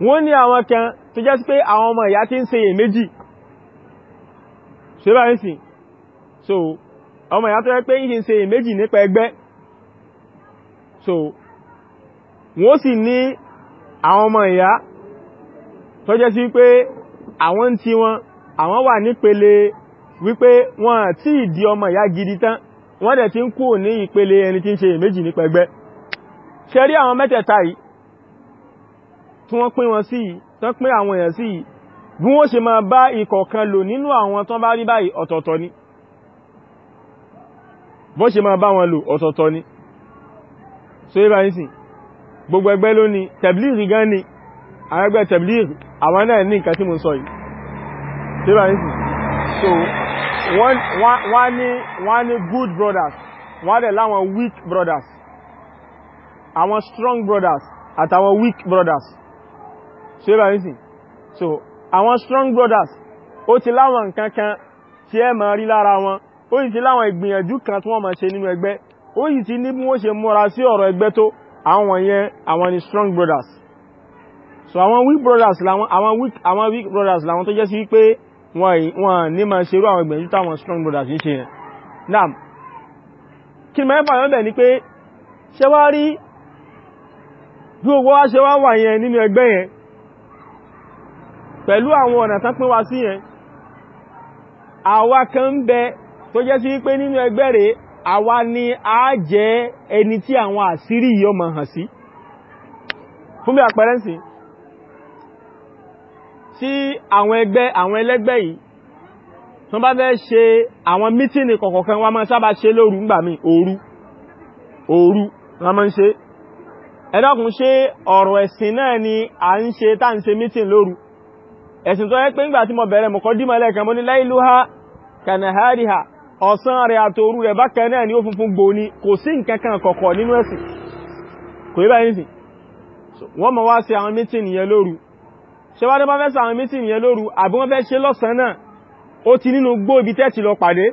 wọ́n ní àwọn kan tó jẹ́ sí pé àwọn ọmọ ìyá tí ń ṣe èméjì ṣébà ń sìn so ọmọ ìyá tó jẹ́ pé ń ṣe èméjì nípa ẹgbẹ́ so wọ́n sì ní àwọn ọmọ ìyá tó jẹ́ sí pé àwọn tí wọn àwọn wà nípele wípé wọn tí ìdí ọmọ ìyá gidi tán wọ́n dẹ̀ ti ń kú ní ìpele ẹni tí ń ṣe èméjì nípa ẹgbẹ́ ṣe rí àwọn mẹ́tẹ̀ẹ̀ta yìí tí wọ́n pín wọn sí tán pín àwọn èèyàn sí bí wọ́n ṣe máa bá ìkọ̀ọ̀kan lò nínú àwọn tán bá rí báyìí ọ̀tọ̀ọ̀tọ̀ ni bó ṣe máa bá wọn lò ọ̀tọ̀ọ̀tọ̀ ni so yíba ń sìn gbogbo ẹgbẹ́ ló ní good brothers wọ́n dẹ̀ láwọn weak brothers àwọn strong brothers àtàwọn weak brothers ṣe bá nísìn so àwọn strong brothers ó ti láwọn nǹkan kan tí ẹ máa rí lára wọn ó sì ti láwọn ìgbìyànjú kan tí wọ́n máa ṣe nínú ẹgbẹ́ ó sì ti ní bí wọ́n ṣe múra sí ọ̀rọ̀ ẹgbẹ́ tó àwọn yẹn àwọn ni strong brothers so àwọn weak brothers làwọn àwọn weak àwọn weak brothers làwọn tó jẹ́ sí wípé wọn wọn ní máa ṣerú àwọn ìgbìyànjú táwọn strong brothers ń ṣe yẹn now kí ni mẹ́fà yọ́n bẹ̀ ni pé ṣé wá rí bí owó wá ṣe wá wà yẹn nínú ẹgbẹ́ yẹn pẹ̀lú àwọn ọ̀nà tán pín wa sí yẹn àwa kan ń bẹ tó jẹ́ sí wípé nínú ẹgbẹ́ rẹ̀ àwa ni a jẹ́ ẹni tí àwọn àṣírí yìí ọmọ hàn sí fún bí àpẹẹrẹ sí tí àwọn ẹgbẹ́ àwọn ẹlẹ́gbẹ́ yìí tó bá fẹ́ ṣe àwọn mítíìnì kọ̀kọ̀kan wọ́n máa sábà ṣe lóru ńgbà mi òru òru wọ́n máa ń ṣe ẹ̀dọ́kùn ṣe ọ̀rọ̀ ẹ̀sìn náà ni à ń ṣe tá ń ṣe mítíìnì lóru ẹ̀sìn tó yẹ pé ńgbà tí mo bẹ̀rẹ̀ mọ̀kọ́ dímọ̀ lẹ́ẹ̀kan mo ní láìlú ha kànàhárì ha ọ̀sán rẹ̀ àtòru rẹ̀ bákan náà ni ó funfun gbò ní kò sí nǹkan kan kọ̀kọ̀ nínú ẹ̀sìn kò yẹ báyìí nìsìn wọ́n mọ̀ wá sí àwọn mítìn yẹn lóru ṣe wá dẹ́bá fẹ́ sí àwọn mítìn yẹn lóru àbí wọ́n fẹ́ ṣe lọ́sàn náà ó ti nínú gbó ibi tẹ́ẹ̀tì lọ pàdé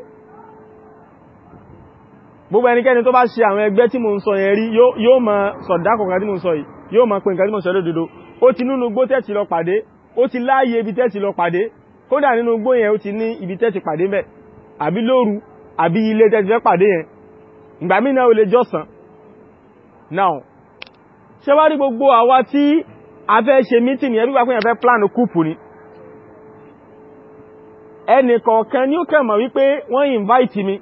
gbogbo ẹnikẹ́ni tó bá ṣe àwọn ẹgbẹ́ tí ó ti nínú gbó tẹ́ẹ̀tì lọ pàdé ó ti láàyè ibi tẹ́ ti lọ pàdé kódà nínú igbó yẹn ó ti ní ibi tẹ́ ti pàdé bẹ̀ àbí lóru àbí ilé tẹ́ ti fẹ́ pàdé yẹn ìgbà míì náà jọ́sàn now ṣé wá rí gbogbo àwa tí a fẹ́ ṣe mítìnì ẹbí wá pé yẹn fẹ́ plan kúùpù ni ẹnì kọ̀ọ̀kan ní ó invite mi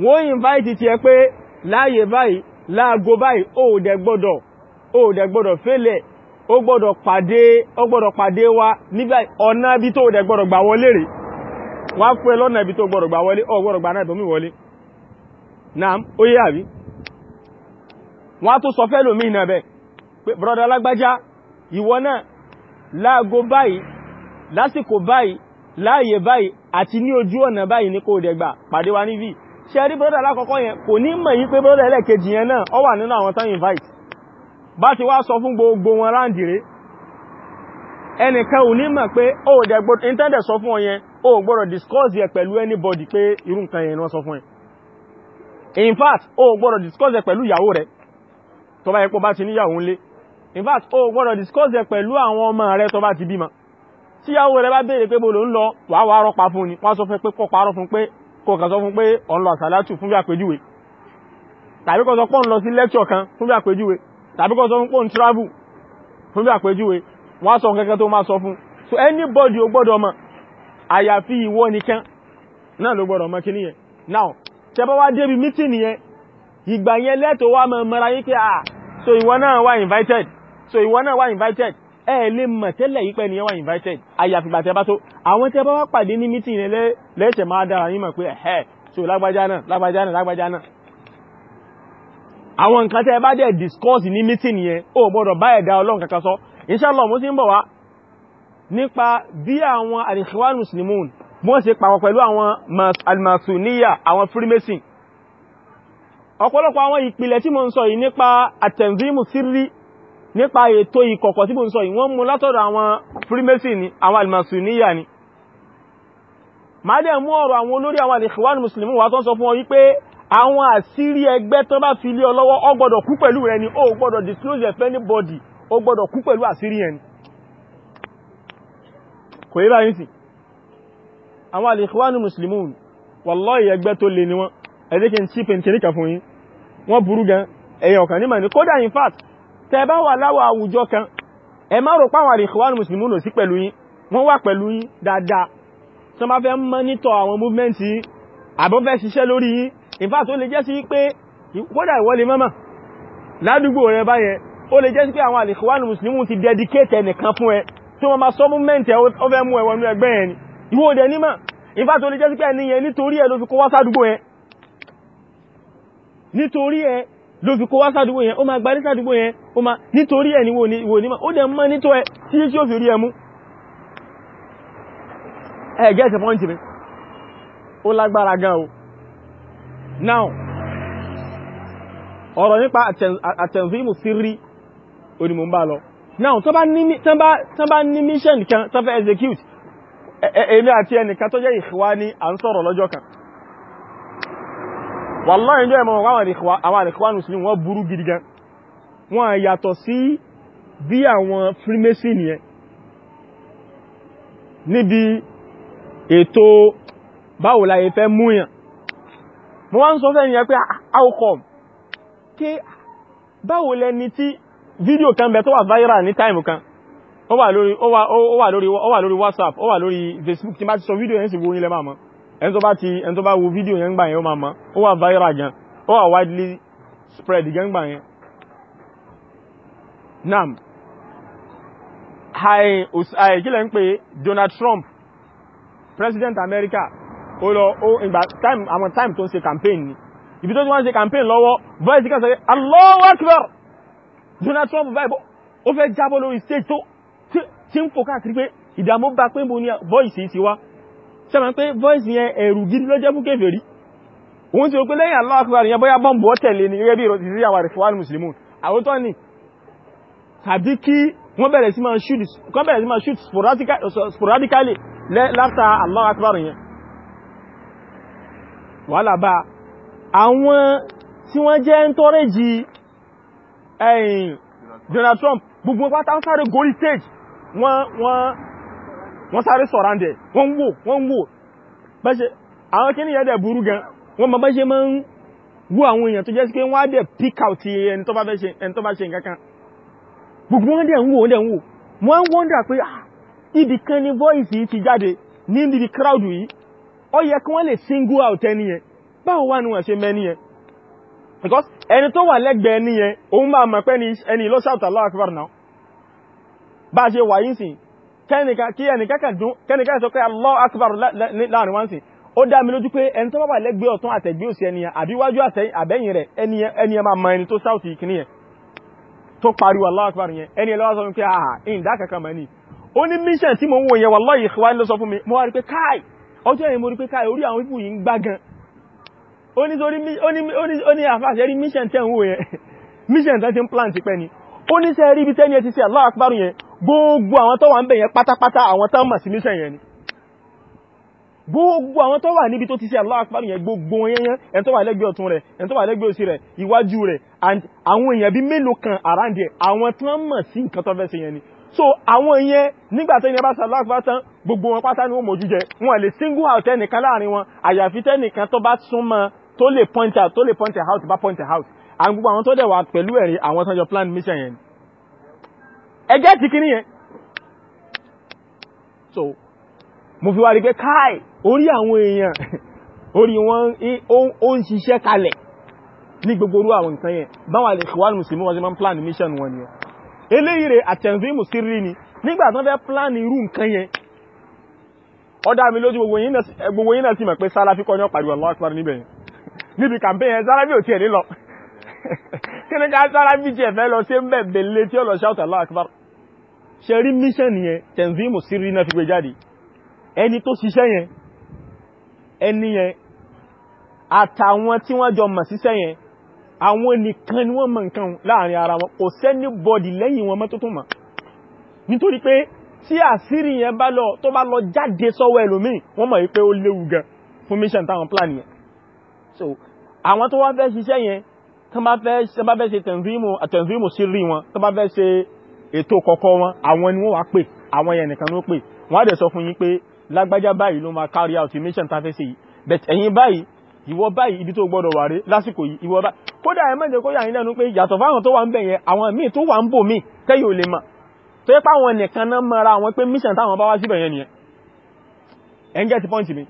wọ́n invite ti ẹ pé láàyè báyìí láago báyìí ó dẹ̀ gbọ́dọ̀ ó dẹ̀ gbọ́dọ̀ fẹ́lẹ̀ ó gbọ́dọ̀ pàdé ó gbọ́dọ̀ pàdé wa nígbà ọ̀nà ibi tó dẹ̀ gbọ́dọ̀ gbà wọlé re wá fún ẹ lọ́nà ibi tó gbọ́dọ̀ gbà wọlé ọ gbọ́dọ̀ gbà náà ìbòmí wọlé náà ó yé àbí wọ́n tó sọ fẹ́lò mí náà bẹ́ pé brọ́dọ̀ alágbájá ìwọ náà láago báyìí lásìkò báyìí láàyè báyìí àti ní ojú ọ̀nà báyìí ni kò dẹ̀ gbà pàdé wa níbi ṣe rí brọ́dọ̀ alákọ̀ọ́kọ́ yẹn kò ní mọ̀ yí pé wà nínú àwọn tán bá ti wá sọ fún gbogbo wọn ráǹdìrí ẹnìkan ò ní mọ̀ pé ó dẹ̀ gbọ́dọ̀ intended sọ fún ọyẹn ó gbọ́dọ̀ discuss yẹ pẹ̀lú anybody pé irú nǹkan yẹn ni wọ́n sọ fún ẹ in fact ó gbọ́dọ̀ discuss yẹ pẹ̀lú ìyàwó rẹ tó bá bá ti níyàwó ńlé in fact ó gbọ́dọ̀ discuss yẹ pẹ̀lú àwọn ọmọ rẹ tó bá ti bímọ tí ìyàwó rẹ bá béèrè pé bó ló ń lọ wàá wàá rọpa fún ni wọ́n sọ fún pé kó parọ́ fún pé kó kàn sọ fún pé ọ̀n lọ àsàlátù fún bí àpèjúwe tàbí kó sọ pé ọ̀n lọ sí lecture kan fún bí àpèjúwe tàbí kọ́ sọ fún pọ́n travel fún bí àpèjúwe wọ́n á sọ kẹ́kẹ́ tó máa sọ fún so anybody ó gbọ́dọ̀ mọ̀ àyàfi ìwọ nìkan náà ló gbọ́dọ̀ mọ̀ kí nìyẹn now tẹ bá wá débi meeting yẹn ìgbà yẹn lẹ́tọ̀ wá mọ̀ mọ́ra ah so ìwọ náà wá invited so ìwọ náà wá invited ẹ ẹ lè mọ̀ tẹ́lẹ̀ yí pé ẹnìyẹn wá invited àyàfi ìgbà tẹ bá tó àwọn tẹ bá wá pàdé ní meeting yẹn lẹ́ẹ̀ṣẹ̀ máa dára yín mọ̀ pé ẹ̀hẹ́ so lágbájá náà lágbájá náà lágbájá náà àwọn nǹkan tẹ́ bá dẹ̀ discuss ní meeting yẹn ó gbọ́dọ̀ bá ẹ̀dá ọlọ́run kankan sọ inshallah mo ti ń bọ̀ wá nípa bí àwọn al-Ikhwan Muslimun wọ́n ṣe pàwọ̀ pẹ̀lú àwọn al-Masuniya àwọn Freemason ọ̀pọ̀lọpọ̀ àwọn ìpìlẹ̀ tí mo ń sọ yìí nípa àtẹ̀nzímù sírí nípa ètò ìkọ̀kọ̀ tí mo ń sọ yìí wọ́n mú látọ̀dọ̀ àwọn Freemason ni àwọn al-Masuniya ni máa dẹ̀ mú ọ̀rọ̀ àwọn olórí àwọn al-Ikhwan Muslimun wà tó ń sọ fún ọ wípé àwọn àṣírí ẹgbẹ́ tó bá fi lé ọ lọ́wọ́ ọ gbọ́dọ̀ kú pẹ̀lú rẹ ni ó gbọ́dọ̀ disclose ẹ̀ fẹ́ni bọ́dì ó gbọ́dọ̀ kú pẹ̀lú àṣírí ẹni kò yí báyìí sí àwọn al-Ikhwanu Muslimun wallahi ẹgbẹ́ tó lè ní wọn ẹ̀dẹ́ kí n tí pẹ̀ntẹ̀ríkà fún yín wọ́n burú gan ẹ̀yàn ọ̀kan kan ẹ má rò Muslimun ò sí pẹ̀lú yín wọ́n wà pẹ̀lú yín dáadáa tí wọ́n bá fẹ́ mọ́nítọ̀ in fact ó lè jẹ́ sí pé kódà ìwọ lè mọ́mà ládùúgbò rẹ báyẹn ó lè jẹ́ sí pé àwọn àlèkùwánù mùsùlùmù ti dedicate ẹnìkan fún ẹ tí wọ́n máa supplement ẹ ó fẹ́ mú ẹ wọnú ẹgbẹ́ yẹn ni ìwọ òdẹ nímọ̀ in fact ó lè jẹ́ sí pé ẹni yẹn nítorí ẹ ló fi kó wá sádùúgbò yẹn nítorí ẹ ló fi kó wá sádùúgbò yẹn ó máa gbarí sádùúgbò yẹn ó máa nítorí ẹ níwò nímọ̀ ó dẹ̀ mọ́ nítọ́ ẹ tí tí ó fi rí ẹ mú ẹ gẹ́ẹ̀sì now ọ̀rọ̀ nípa àtẹ̀nfíìmù sírí onímọ̀ ń bá lọ now tán bá ní mission kan tán fẹ́ execute èmi àti ẹnìkan tó jẹ́ ìhwá ní à ń sọ̀rọ̀ lọ́jọ́ kan wallahi ìjọ ìmọ̀ àwọn àríkíwá muslim wọ́n burú gidi gan wọ́n yàtọ̀ sí bí àwọn freemason yẹn níbi ètò báwo fẹ́ múyàn mo wá ń sọ fẹ́ ìyẹn pé ah, outcome kí báwo lẹni tí fídíò kan bẹ tó wà viral ní táìmù kan ó wà lórí ó wà lórí ó whatsapp ó wà lórí facebook tí bá ti sọ fídíò yẹn sì wo nílẹ̀ máa mọ́ ẹni tó bá ti ẹni tó wo fídíò yẹn gbà yẹn ó máa mọ́ ó wà viral gan ó wà widely spread gan gbà yẹn nam hi kí lẹ́ ń pè Donald Trump President America ó lọ ìgbà time àwọn time tó ń ṣe campaign ni ibi tó ti wọ́n ṣe campaign lọ́wọ́ voice kan sọ pé Allahu Akbar Donald Trump vibe ó fẹ́ jábọ́ lórí stage tó tí ń fò káàkiri pé ìdààmú bá pé mo ní voice sí wá sẹ́mọ̀ pé voice yẹn ẹ̀rù gidi ló jẹ́ fún kèfèrí òun ti rò pé lẹ́yìn Allahu Akbar yẹn bóyá bọ́m̀bù ó tẹ̀lé ni gẹ́gẹ́ bí ìrọ̀tí sí àwọn àrẹ̀fọ́wà mùsùlùmí àwòtọ́ ni tàbí kí wọ́n bẹ̀rẹ̀ sí máa shoot sporadically láfta Allahu Akbar yẹn wàhálà bá àwọn tí wọ́n jẹ́ ń tọ́rẹ́jì ẹ̀yìn Donald Trump gbogbo pátá sáré gorí stage wọ́n sáré sọ̀rándẹ̀ wọ́n wò wọ́n wò bẹ́ṣe àwọn kí ní yẹ́dẹ̀ burú gan wọ́n ma bẹ́ṣe ma ń wú àwọn èèyàn tó jẹ́ sí pé wọ́n á dẹ̀ pick out ẹni tó bá ṣe nǹkan kan gbogbo wọ́n dẹ̀ ń wò wọ́n dẹ̀ ń wò wọ́n wọ́n dà pé ah, ibì kan ni voice yìí ti jáde ní ibi crowd yìí ó yẹ kí wọ́n lè single out ẹni yẹn báwo wà ní wọ́n ṣe mẹ́ni yẹn because ẹni tó wà lẹ́gbẹ̀ẹ́ ẹni yẹn òun bá mọ̀ pé ẹni ló shout Allahu Akbar náà bá ṣe wà yín sìn kí ẹnìkẹ́kẹ́ sọ pé Allahu Akbar láàrin wá ń sìn ó dá mi lójú pé ẹni tó bá wà lẹ́gbẹ̀ẹ́ ọ̀tún àtẹ̀gbẹ́ òsì ẹni yẹn àbíwájú àbẹ́yìn rẹ̀ ẹni yẹn máa mọ ẹni tó shout ìkíní yẹn tó pariwo Allahu Akbar yẹn ẹni ẹlọ́wọ́ sọ fún pé àà ìdá kankan mọ̀ ni ó ní mission tí mo ń wò yẹn wallahi ìwà ló sọ fún mi mo wá rí pé káì ọjọ́ yẹn mo rí pé káà orí àwọn ìbù yìí ń gbá gan ó ní àfáàṣẹ́ rí mission tẹ́ ń wò yẹn mission tẹ́ ti ń plan ti pẹ́ ni ó ní sẹ́ rí ibi tẹ́ ní ẹ ti sí Allahu Akbar yẹn gbogbo àwọn tó wà ń bẹ̀ yẹn pátápátá àwọn tán mà sí mission yẹn ni gbogbo àwọn tó wà níbi tó ti sí Allahu Akbar yẹn gbogbo yẹn yẹn ẹni tó wà lẹ́gbẹ̀ẹ́ ọ̀tún rẹ̀ ẹni tó wà lẹ́gbẹ̀ẹ́ òsì rẹ̀ iwájú rẹ̀ àwọn èèyàn bíi mélòó kan around ẹ̀ àwọn tán ni so àwọn yẹn nígbà bá sí Allahu gbogbo wọn pátá ni wọ́n mọ̀ ojújẹ wọn lè single out ẹnìkan láàrin wọn àyàfi tẹ́nìkan tó bá súnmọ́ tó lè point out tó lè point out bá point out àwọn gbogbo àwọn tó dẹ̀ wà pẹ̀lú ẹ̀rí àwọn sanjọ plan mission yẹn ẹgẹ́ ti kíní yẹn so mo fi wá rí pé káì orí àwọn èèyàn orí wọn ó ń ṣiṣẹ́ kalẹ̀ ní gbogbo orú àwọn nǹkan yẹn báwọn lè ṣùwárù mùsùlùmí wọn ṣe máa ń plan mission wọn yẹn eléyìí rẹ̀ àtẹ̀ǹfì mùsùlùmí ni nígbà tó fẹ́ plan irú nǹkan yẹn ó dá mi lójú gbogbo yín náà sì eh, mọ̀ pé sáláfí kọ́ ní ọ̀pàdé Allahu Akbar níbẹ̀ yẹn níbi campaign yẹn sáláfí ò tiẹ̀ ní lọ kí ni ká sáláfí tiẹ̀ fẹ́ lọ sí ń bẹ̀ tí ó lọ shout Allahu Akbar ṣe rí mission yẹn Tanzimu Sirri náà fi gbé jáde ẹni tó ṣiṣẹ́ yẹn ẹni yẹn àtàwọn tí wọ́n jọ mọ̀ síṣẹ́ yẹn àwọn nìkan ni wọ́n mọ̀ nǹkan láàrin ara tí àṣírí yẹn bá lọ tó bá lọ jáde sọ́wọ́ ẹlòmíì wọ́n mọ̀ pé ó léwu gan fún mission táwọn plan yẹn so àwọn tó wá fẹ́ ṣiṣẹ́ yẹn tán bá fẹ́ ṣe tẹ̀nvímù sí rí wọn tán bá fẹ́ ṣe ètò kọ̀ọ̀kọ̀ wọn àwọn ni wọ́n wá pè àwọn yẹn nìkan ló pè wọ́n á dẹ̀ sọ fún yín pé lágbájá báyìí ló máa carry out mission tá a fẹ́ ṣe yìí but ẹ̀yin báyìí ìwọ báyìí ibi tó gbọ́dọ̀ wà rẹ̀ lásìkò yìí ìwọ báyìí kódà ẹ mẹ́jẹ kó yà yín lẹ́nu pé yàtọ̀ fáwọn tó wà ń bẹ̀ yẹn àwọn míì tó wà ń bò míì tẹ́yìn ò lè mà tó yẹ páwọn nìkan náà mara àwọn pé mission táwọn bá wá síbẹ̀ yẹn nìyẹn ẹ̀ ń gẹ́ ti pọ́ǹtì mi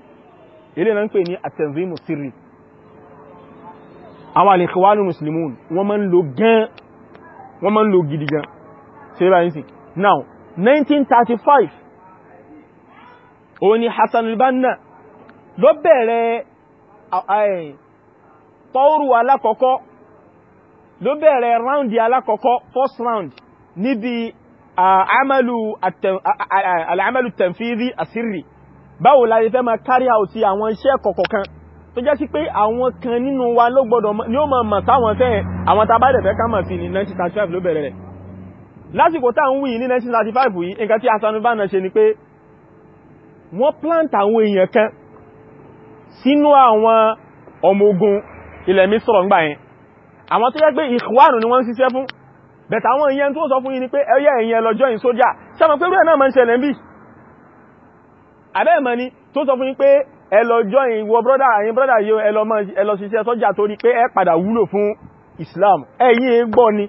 ilé náà ń pè ní àtẹ̀zímù sírì àwọn àlèkọwàlù muslimun wọ́n wọ́n máa ń lò gidi gan ṣe bá yìí sí now 1935 òun ni Hassan al-Banna ló bẹ̀rẹ̀ tọ́rù alákọ̀ọ́kọ́ ló bẹ̀rẹ̀ ráùndì alákọ̀ọ́kọ́ first round níbi àmàlù tẹ̀fíìrí àsírì báwo la fẹ́ máa carry out àwọn iṣẹ́ kọ̀kọ̀kan tó jẹ́ sí pé àwọn kan nínú wa ló gbọ́dọ̀ ní ó máa mọ̀ táwọn fẹ́ àwọn tàbádẹ̀fẹ́ ká mọ̀ sí ní 1935 ló bẹ̀rẹ̀ rẹ̀ lásìkò tá ń wí ní 1935 yìí nǹkan tí asanubána ṣe ni pé wọ́n plant àwọn èèyàn kan sínú àwọn ọmọ ogun ilẹ̀ Mísírì ńgbà yẹn àwọn tó jẹ́ pé ìkwánu ni wọ́n ń ṣiṣẹ́ bẹ̀tà àwọn ìyẹn tó sọ fún yín ni pé ẹyẹ ìyẹn lọ join sójà sẹ́mọ̀ pé rẹ̀ náà ma ń ṣẹlẹ̀ bí abẹ́ẹ̀mọ́ ni tó sọ fún yín pé ẹ lọ join ìwọ brọ́dà àyín brọ́dà yíò ẹ lọ ṣiṣẹ́ sójà pé ẹ padà wúlò fún Islam ẹ̀yin gbọ́ ni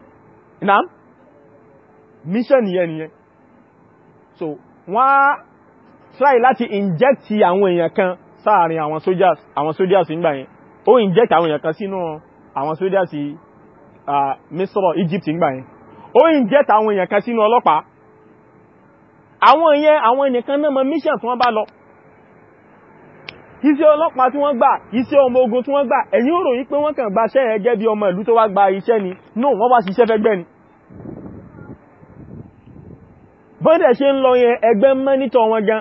mission yẹn nìyẹn so wọ́n try láti inject àwọn èèyàn kan sáàrin àwọn soldiers àwọn soldiers nígbà yẹn ó inject àwọn èèyàn kan misro Egypt ń gbà yẹn ó ń jẹ́ tàwọn èèyàn kan sínú ọlọ́pàá àwọn yẹn àwọn ẹnìkan náà mọ mission tí wọ́n bá lọ iṣẹ́ ọlọ́pàá tí wọ́n gbà iṣẹ́ ọmọ ogun tí wọ́n gbà ẹ̀yin ò ròyìn pé wọ́n kàn gba iṣẹ́ yẹn gẹ́ bí ọmọ ìlú tó wá gba iṣẹ́ ni no wọ́n wá ṣiṣẹ́ fẹ́gbẹ́ ni bọ́ndẹ̀ ṣe ń lọ yẹn ẹgbẹ́ mẹ́nítọ̀ wọn gan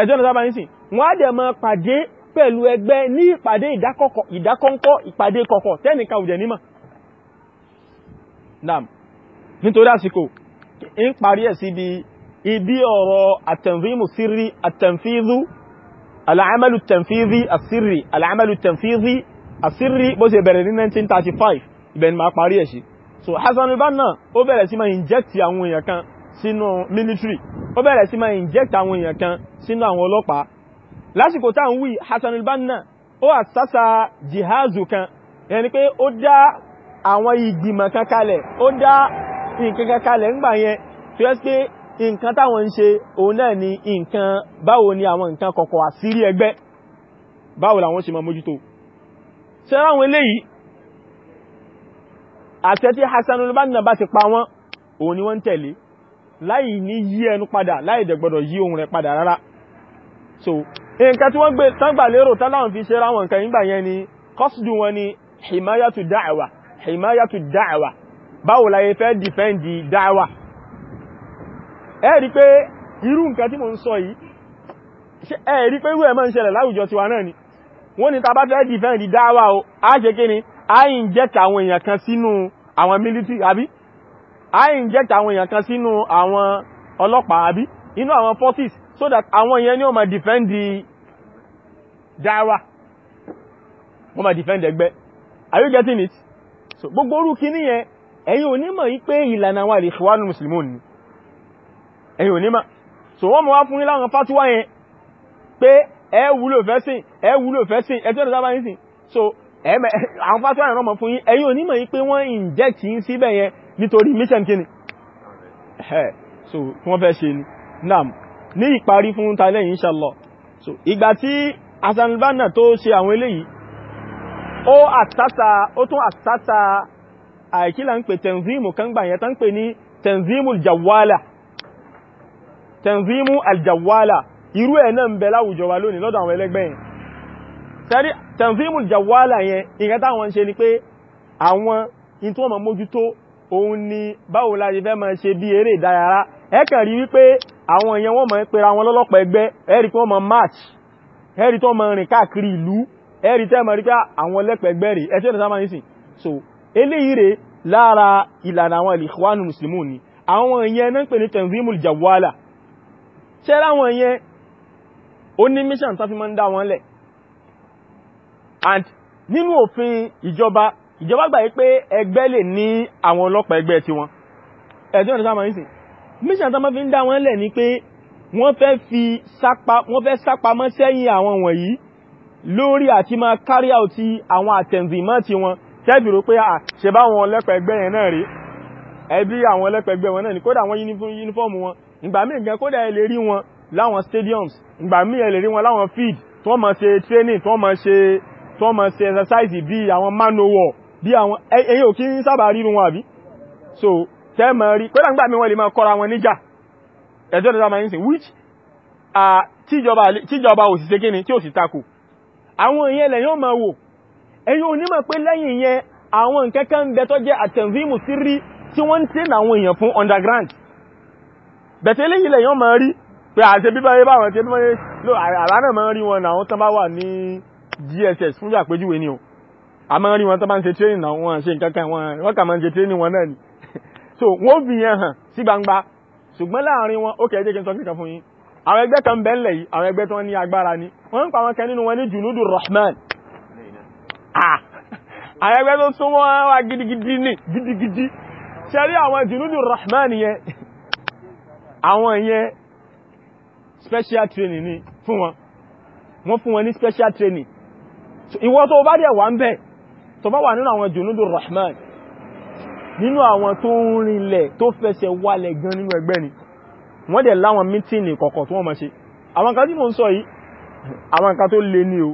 ẹjọ́ ní sábà nísìn wọ́n á dẹ̀ mọ pàdé pẹ̀lú ẹgbẹ́ ní ìpàdé ìdákọ̀ǹkọ̀ ìpàdé kọ̀kọ̀ tẹ́nìkan ò nímọ̀ naam nítorí àsìkò ń parí ẹ̀ sí bí ibi ọ̀rọ̀ àtẹ̀fíìmù sírí àtẹ̀fíìzú alàmàlù tẹ̀fíìzí àsírí alàmàlù tẹ̀fíìzí àsírí bó ṣe bẹ̀rẹ̀ ní 1935 ibẹ̀ ni ma parí ẹ̀ sí so Hassan al-Banna ó bẹ̀rẹ̀ sí ma inject àwọn èèyàn kan sínú military ó bẹ̀rẹ̀ sí ma inject àwọn èèyàn kan sínú àwọn ọlọ́pàá lásìkò tá àwọn ìgbìmọ̀ kankalẹ̀ ó dá nǹkan kankalẹ̀ ń gbà yẹn tó yẹ́ pé nǹkan táwọn ń ṣe òun náà ni nǹkan báwo ni àwọn nǹkan kọ̀kọ̀ àsírí ẹgbẹ́ báwo làwọn ṣe máa mójútó ṣe ráwọn eléyìí àṣẹ tí Hassanul Banna bá ti pa wọ́n òun ni wọ́n ń tẹ̀lé láì ní yí ẹnu padà láì dẹ̀gbọ́dọ̀ yí ohun rẹ̀ padà rárá so nǹkan tí wọ́n gbé tán gbà lérò táláwọn fi ṣe ráwọn nǹkan yìí gbà yẹn ni kọ́sùdù wọn ni himayatu da'wa himayatu da'wa báwo la yẹ fẹ́ dìfẹ́ndì da'wa ẹ rí pé irú nǹkan tí mo ń sọ yìí ẹ rí pé irú ẹ̀ máa ń ṣẹlẹ̀ láwùjọ tiwa náà ni wọ́n ní tá bá fẹ́ dìfẹ́ndì da'wa o a ṣe kí ni a inject àwọn èèyàn kan sínú àwọn military àbí a inject àwọn èèyàn kan sínú àwọn ọlọ́pàá àbí inú àwọn forces so that àwọn èèyàn ni ó máa dìfẹ́ndì da'wa wọ́n máa dìfẹ́ndì ẹgbẹ́ are you getting it so gbogbo orú kí níyẹn ẹ̀yin onímọ̀ yí pé ìlànà wà lè ṣùwánù mùsùlùmí ni ẹ̀yin onímọ̀ so wọ́n mọ̀ wá fún iláwọn fátíwá yẹn pé ẹ fẹ́sìn ẹ fẹ́sìn ẹ tẹ́lẹ̀ so àwọn fátíwá yẹn rọmọ fún yín ẹ̀yin onímọ̀ yí pé wọ́n inject yín síbẹ̀ yẹn nítorí so wọ́n fẹ́ ṣe ni nam ní ìparí so ìgbà tí asanbanna tó ṣe ó àtàtà ó tún àtàtà àìkílà ń pè tanzimu kan gbà yẹn tán pè ní tanzimu aljawala tanzimu aljawala irú ẹ̀ náà ń bẹ láwùjọ wa lónìí lọ́dọ̀ àwọn ẹlẹ́gbẹ́ yẹn tẹ́rí tanzimu aljawala yẹn ìgbà táwọn ṣe ni pé àwọn in tó wọ́n mójútó òun ni báwo la ṣe fẹ́ máa ṣe bí ẹ̀rí tẹ́ mọ̀ rí pé àwọn lẹ́pẹ̀gbẹ́rì ẹ̀ tí ó sáma nísìn so eléyìí rẹ̀ lára ìlànà àwọn ìlìkwánu muslimun ni àwọn ìyẹn náà pè ní tanzimul jawala ṣe láwọn ìyẹn ó ní mission tán fi mọ́ ń dá wọn lẹ̀ and nínú òfin ìjọba ìjọba gbà pé ẹgbẹ́ lè ní àwọn ọlọ́pàá ẹgbẹ́ tiwọn ẹ̀ tí ó sáma nísìn mission tán fi ń dá wọn lẹ̀ lórí àti máa carry out àwọn àtẹ̀nzìmọ́ ti wọn tẹ́bìrò pé à ṣe bá wọn lẹ́pẹ̀ẹ́gbẹ́ yẹn náà rí ẹbí àwọn lẹ́pẹ̀ẹ́gbẹ́ wọn náà ni kódà wọn uniform wọn ìgbà míì gan kódà ẹ lè rí wọn láwọn stadiums ìgbà míì ẹ lè rí wọn láwọn field tí wọ́n máa ṣe training tí wọ́n máa ṣe tí wọ́n máa ṣe exercise bí àwọn manowar bí àwọn ẹ̀yin ò kí ń sábà rí wọn àbí so tẹ́ máa rí kódà ńgbà míì wọ́n lè máa kọ́ra wọn níjà ẹjọ́ ìjọba máa ń sìn which tíjọba òsìsẹ́ kíni tí ò sì takò àwọn èèyàn lẹ̀ yóò máa wò ẹ̀yin onímọ̀ pé lẹ́yìn yẹn àwọn nkẹ́kẹ́ ń bẹ tó jẹ́ àtẹ̀mvímù sí rí tí wọ́n ń tẹ́ àwọn èèyàn fún underground bẹ̀tẹ̀ lẹ́yìn lẹ̀ yóò máa rí pé àti bíbáyé báwọn tí wọ́n lò àrá DSS fún àpéjúwe ni o a máa rí wọn tán bá ń ṣe training náà wọn ṣe so wọ́n fi yẹn hàn sí gbangba ṣùgbọ́n láàrin wọn ó kẹ́ẹ́ àwọn ẹgbẹ́ kan bẹ́ẹ̀lẹ̀ yìí àwọn ẹgbẹ́ tó ní agbára ní wọ́n ń pa wọn kẹ nínú wọn ní junudu rahman àwọn ẹgbẹ́ tó súnmọ́ wá gidigidi ní gidigidi ṣẹ́rí àwọn junudu rahman yẹn àwọn yẹn special training ni fún wọn wọ́n fún wọn ní special training ìwọ tó bá dẹ̀ wà ń bẹ̀ tó bá wà nínú àwọn junudu rahman nínú àwọn tó ń rinlẹ̀ tó fẹsẹ̀ wálẹ̀ gan nínú ẹgbẹ́ ni wọ́n dẹ̀ láwọn mítíìnì kọ̀kọ̀ tó wọ́n máa ṣe àwọn kan tí mo ń sọ yìí àwọn kan tó lè ní o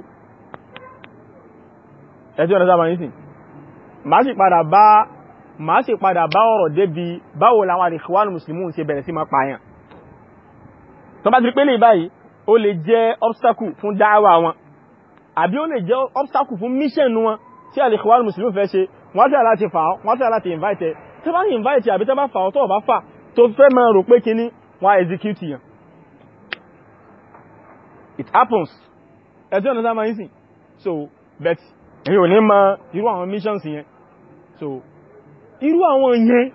ẹjọ́ ọ̀nà sábà nísìn máa sì padà bá máa sì padà bá ọ̀rọ̀ débi báwo làwọn àdìsíwánù mùsùlùmí ṣe bẹ̀rẹ̀ sí máa pààyàn tó bá ti pé lè báyìí ó lè jẹ́ obstacle fún dáwà wọn àbí ó lè jẹ́ obstacle fún mission wọn wọn execute ya. it happens ẹjọ́ ọ̀nà sáàmà yìí so bet. èyí ní ma irú àwọn missions yẹn so irú àwọn yẹn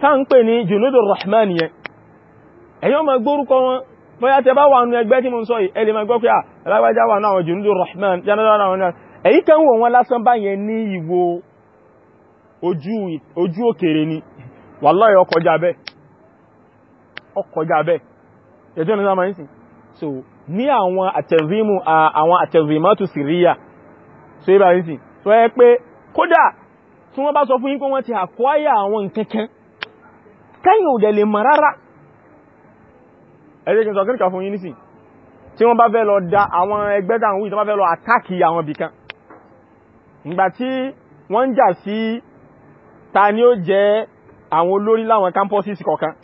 tá ń pè ní junudu rahman yẹn ma gbórúkọ wọn bóyá tẹ bá wà nù ẹgbẹ́ tí mo sọ yìí ẹ lè ma gbọ́ alágbájá wà náà junudu rahman jánadá náà náà kan wọn lásán ní ìwò ojú ni wàláhì ọkọ kọjá ọkọjá bẹ́ẹ̀ ẹjọ́ ní sáàmà ìsìn so ní àwọn àtẹ̀vímù àwọn àtẹ̀vímọ́tù síríyà so ibà ìsìn so ẹ pé kódà tí wọ́n bá sọ fún yín pé wọ́n ti àkọ́yà àwọn nkankan kẹ́yìn ò dẹ̀ lè mọ̀ rárá ẹjẹ́ kí n sọ kíríkà fún yín nísìn tí wọ́n bá fẹ́ lọ da àwọn ẹgbẹ́ dáhùn wíì tí wọ́n bá fẹ́ lọ àtáàkì àwọn bìkan ìgbà tí wọ́n ń jà sí ta ni ó jẹ́ àwọn olórí láwọn kámpọ́sì kọ̀ọ̀kan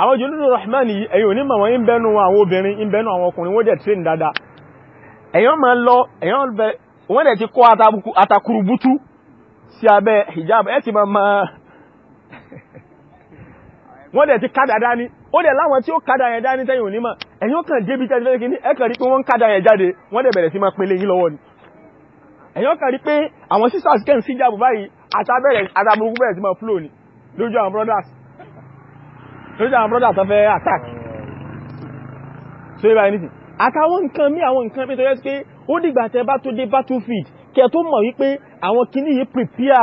àwọn jùlọ rahman yìí ẹ̀yin ò ní mọ̀ wọ́n ń bẹnu àwọn obìnrin ń bẹnu àwọn ọkùnrin wọ́n dẹ̀ train dada. ẹ̀yàn máa lọ ẹ̀yàn bẹ wọ́n dẹ̀ ti kọ́ atakurubutu sí abẹ́ hijab ẹ̀ ti máa wọ́n dẹ̀ ti kádà dání ó dẹ̀ láwọn tí ó kádà yẹn dání tẹ́yìn ò ní mọ̀ ẹ̀yàn kàn débi tẹ́lẹ̀ kí ní ẹ̀kàn rí pé wọ́n kádà yẹn jáde wọ́n dẹ̀ bẹ̀rẹ̀ sí máa pele yín lọ́wọ́ ni ẹ̀yàn brothers lórí àwọn brọ́dà tó fẹ́ attack so yíba ẹni tí àtàwọn nǹkan mí àwọn nǹkan pé tó yẹ pé ó dìgbà tẹ bá tó dé battlefield kẹ tó mọ̀ wípé àwọn kìíní yìí prepare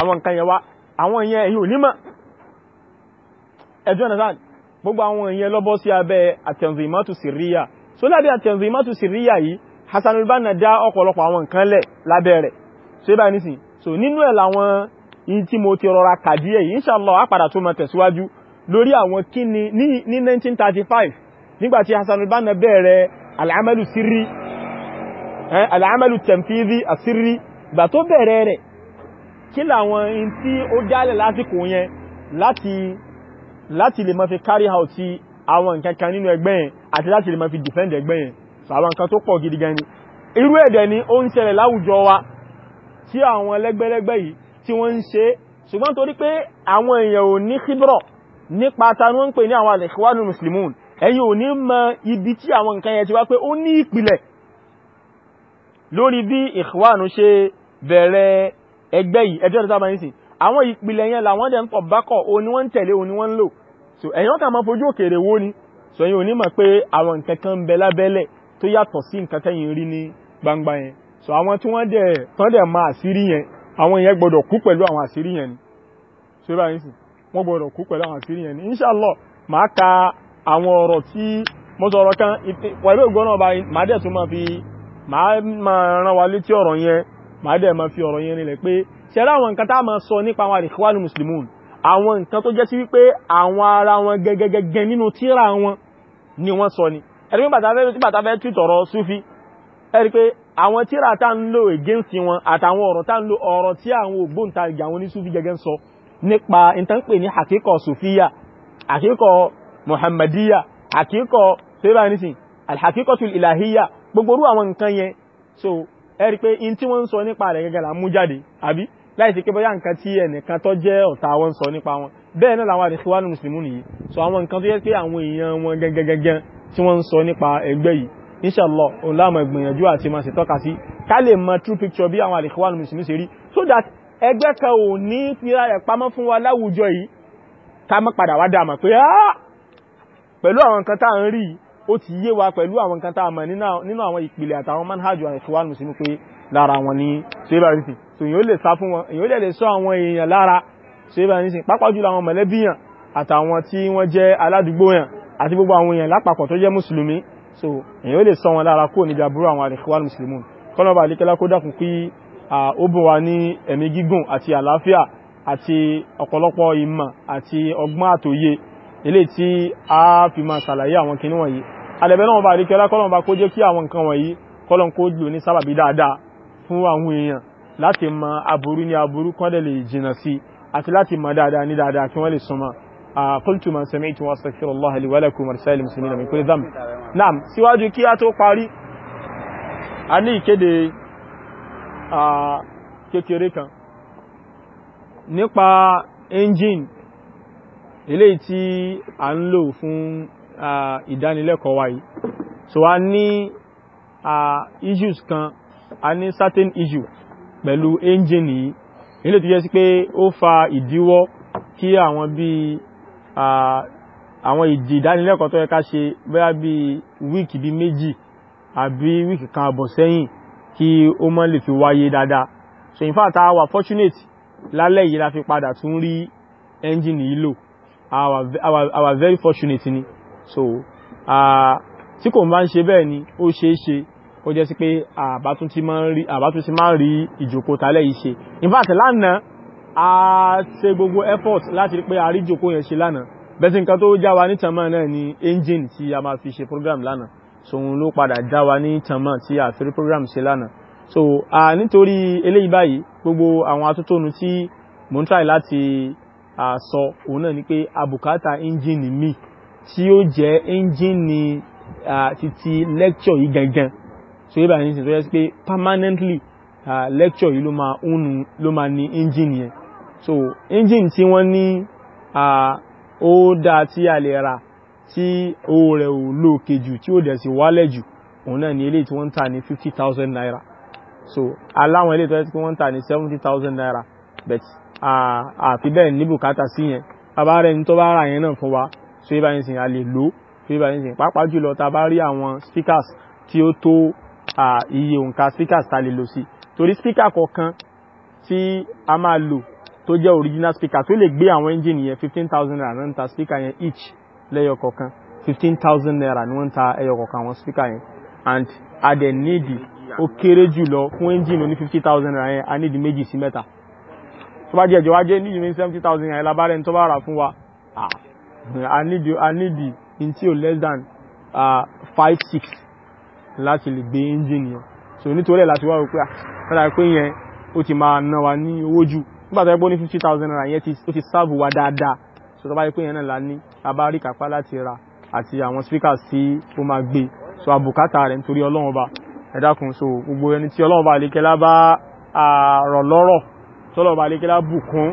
àwọn nǹkan yẹn wá àwọn ìyẹn èyí ò nímọ̀ ẹjọ́ nàzán gbogbo àwọn ìyẹn lọ́bọ́ sí abẹ́ àtẹ̀nzìmọ́tù síríyà so lábẹ́ àtẹ̀nzìmọ́tù síríyà yìí Hassan al-Banna dá ọ̀pọ̀lọpọ̀ àwọn nǹkan lẹ̀ lábẹ́ rẹ̀ so yíba ẹni tí so nínú ẹ̀ làwọn yìí tí mo ti inshallah á padà tó mọ lórí àwọn kíni ní 1935 nígbàtí Hassan al-Banna bẹ̀rẹ̀ al'amalu sirri al'amalu tamfidhi asirri gbà tó bẹ̀rẹ̀ rẹ̀ kí làwọn in tí ó jálẹ̀ lásìkò yẹn láti láti lè máa fi carry out sí àwọn nǹkan kan nínú ẹgbẹ́ yẹn àti láti lè máa fi defend ẹgbẹ́ yẹn sàwọn nǹkan tó pọ̀ gidi gan ni irú ẹ̀dẹ̀ ni ó ń ṣẹlẹ̀ láwùjọ wa tí àwọn ẹlẹ́gbẹ́lẹ́gbẹ́ yìí tí wọ́n ń ṣe ṣùgbọ́n torí pé àwọn èèyàn ò ní kíbrọ̀ nípa ta ni wọ́n ń pè ní àwọn al-Ikhwanul Muslimun ẹ̀yin ò ní mọ ibi tí àwọn nǹkan yẹn ti wá pé ó ní ìpìlẹ̀ lórí bí Ikhwanu ṣe bẹ̀rẹ̀ ẹgbẹ́ yìí ẹjọ́ tó àwọn ìpìlẹ̀ yẹn ni wọ́n ń tẹ̀lé o ni wọ́n ń lò so ẹ̀yin wọ́n kà máa fojú òkèèrè wó ni so ẹ̀yin ò ní mọ̀ pé àwọn nǹkan kan ń bẹ lábẹ́lẹ̀ tó yàtọ̀ sí nǹkan tẹ́yìn rí ní gbangba yẹn so àwọn tí wọ́n dẹ̀ tán kú pẹ̀lú àwọn àṣírí yẹn ni so báyìí sìn wọ́n gbọ́dọ̀ kú pẹ̀lú àwọn àṣírí yẹn ni inshallah máa ka àwọn ọ̀rọ̀ tí mo sọ̀rọ̀ kan pẹ̀lú ògbọ́n náà bá máa dẹ̀ tún máa fi máa rán wa létí ọ̀rọ̀ yẹn máa dẹ̀ máa fi ọ̀rọ̀ yẹn nílẹ̀ pé ṣẹlá àwọn nǹkan tá a máa sọ nípa àwọn àdìkúwàlù mùsùlùmùn àwọn nǹkan tó jẹ́ sí wípé àwọn ara wọn gẹ́gẹ́gẹ́ nínú tíra wọn ni wọ́n sọ ni ẹ̀rí pé bàtà fẹ́ bàtà fẹ́ tú tọ̀rọ̀ súfì ẹ̀rí pé àwọn tíra tá ń lò against wọn àtàwọn ọ̀rọ̀ tá ń lò ọ̀rọ̀ tí àwọn ògbóǹtarìgì àwọn onísúfì gẹ́gẹ́ ń sọ nípa ìtànpè ní àkíkọ̀ sofia àkíkọ̀ mohammadiya àkíkọ̀ sebanisin alhakikotul ilahiya gbogbo orú àwọn nǹkan yẹn so ẹ̀rí pé in tí wọ́n ń sọ nípa rẹ̀ gẹ́gẹ́ la mú jáde àbí láìsí pé bóyá nǹkan tí ẹnìkan tó jẹ́ ọ̀tá wọn sọ nípa wọn bẹ́ẹ̀ náà làwọn àdìsíwánù mùsùlùmí nìyí so àwọn nǹkan tó yẹ pé àwọn èèyàn wọn gẹ́gẹ́gẹ́gẹ́ tí wọ́n ń sọ nípa ẹgbẹ́ yìí inshallah òun láàmọ̀ ìgbìyànjú àti máa ṣètọ́ka sí ká lè mọ true picture bí àwọn àdìsíwánù mùsùlùmí ṣe rí so that ẹgbẹ́ kan ò ní fi rárẹ̀ pamọ́ fún wa láwùjọ yìí ká mọ́ padà wá dáàmà pé áá pẹ̀lú àwọn nǹkan tá ń rí ó ti yé wa pẹ̀lú àwọn nǹkan tá mọ̀ nínú àwọn ìpìlẹ̀ àtàwọn manhajú àwọn ìfowópamọ́ pé lára wọn ní ṣébà so èyàn lè sá fún wọn èyàn lè sọ àwọn èèyàn lára ṣébà nísìn pápá jùlọ àwọn mọ̀lẹ́bí yàn àtàwọn tí wọ́n jẹ́ aládùúgbò yàn àti gbogbo àwọn èèyàn lápapọ̀ so èyàn lè sọ wọn lára kúrò níbi àbúrò àwọn àlèkọ́wà mùsùlùmí kọ́nà bá àlékẹ́lá kó dákun kí ó bọ̀ wá ní ẹ̀mí gígùn àti àlàáfíà àti ọ̀pọ̀lọpọ̀ ìmọ̀ àti ọgbọ́n àtòye ilé tí a fi máa ṣàlàyé àwọn kinní wọ̀nyí alẹ́bẹ̀ náà bá rí kẹ́lá kọ́lọ̀ bá kó jẹ́ kí àwọn nǹkan wọ̀nyí kọ́lọ̀ kó lò ní sábàbí dáadáa fún àwọn èèyàn láti mọ aburú ní aburú kọ́ dẹ̀ lè jìnà sí àti láti mọ dáadáa ní dáadáa kí wọ́n lè súnmọ́ qultu kékeré kan nípa engine eléyìí tí a ń lò fún ìdánilẹ́kọ̀ọ́ wa so a ní issues kan a ní certain issue pẹ̀lú engine yìí eléyìí tó jẹ́ sí pé ó fa ìdíwọ́ kí àwọn bí àwọn ìdí ìdánilẹ́kọ̀ọ́ tó yẹ ká ṣe bóyá bí wíìkì bí méjì àbí wíìkì kan àbọ̀ sẹ́yìn kí ó mọ́ lè fi wáyé dáadáa so in fact a wà fortunate lálẹ́ yìí la fi padà tún rí ẹ́ńjìnì yìí lò a wà very fortunate ni so tí kò bá ń ṣe bẹ́ẹ̀ ni ó ṣe é ṣe ó jẹ́ sí pé àbátún ti máa ń rí ìjòkó tálẹ̀ yìí ṣe in fact lánàá a ṣe gbogbo effort láti rí pé a rí ìjòkó yẹn ṣe lánàá bẹ́ẹ̀ sí tó já wa nítàn máa náà ni engine tí a máa fi ṣe program lánàá so òun ló padà já wa ní tànmọ́ tí àfẹ́rí program ṣe lánàá so a nítorí eléyìí báyìí gbogbo àwọn atótónu tí mò ń try láti sọ òun náà ni pé àbùkátà ẹ́ńjìnì mi tí ó jẹ́ ẹ́ńjìnì títí lecture yìí gangan so yíba ní ìsìn tó yẹ pé permanently lecture yìí ló máa ń ló máa ní ẹ́ńjìnì yẹn so ẹ́ńjìnì tí wọ́n ní ó dáa tí a lè rà tí owó rẹ̀ ò lóòkè jù tí ó dẹ̀ sì wálẹ̀ jù òun náà ni eléyìí tí wọ́n ń tà ní fifty thousand naira so aláwọn eléyìí tó yẹ kí wọ́n ń tà ní seventy thousand naira but àfi bẹ́ẹ̀ ní bùkátà sí yẹn bàbá rẹ̀ ní tó bá ra yẹn náà fún wa so ibà yẹn sìn a lè lò so ibà yẹn sìn pàápàá jùlọ ta bá rí àwọn speakers tí ó tó iye òǹkà speakers ta lè lò sí torí speaker kọ̀ọ̀kan tí a máa lò tó jẹ́ original speaker tó lè gbé àwọn engine yẹn fifteen thousand naira náà ń ta speaker yẹn each lẹ́yọ kọ̀ọ̀kan fifteen thousand naira ni wọ́n ń ta ẹyọ kọ̀ọ̀kan àwọn speaker yẹn and a dẹ̀ níìdì ó kéré jù lọ fún engine oní fifty thousand naira yẹn a níìdì méjì sí mẹ́ta tó bá jẹ́ ẹ̀jọ̀ wá jẹ́ níìdì ní seventy thousand naira lábárẹ̀ ní tó bá rà fún wa a níìdì a níìdì in tí o less than five six láti lè gbé engine yẹn so nítorí ẹ̀ láti wá rò pé à fẹ́ra pé yẹn ó ti máa ná wa ní owó jù nígbà tó yẹ pé ó ní fifty thousand naira yẹn ó ti sáàbù wa dáadáa so tó bá yẹ pé yẹn náà la ní abá rí kápá láti ra àti àwọn speakers tí ó máa gbé so àbùkátà rẹ̀ nítorí ọlọ́run ọba ẹ dákun so gbogbo ẹni la ọlọ́run ọba àlékẹ́lá bá rọ̀ lọ́rọ̀ tọ́lọ́run ọba àlékẹ́lá bùkún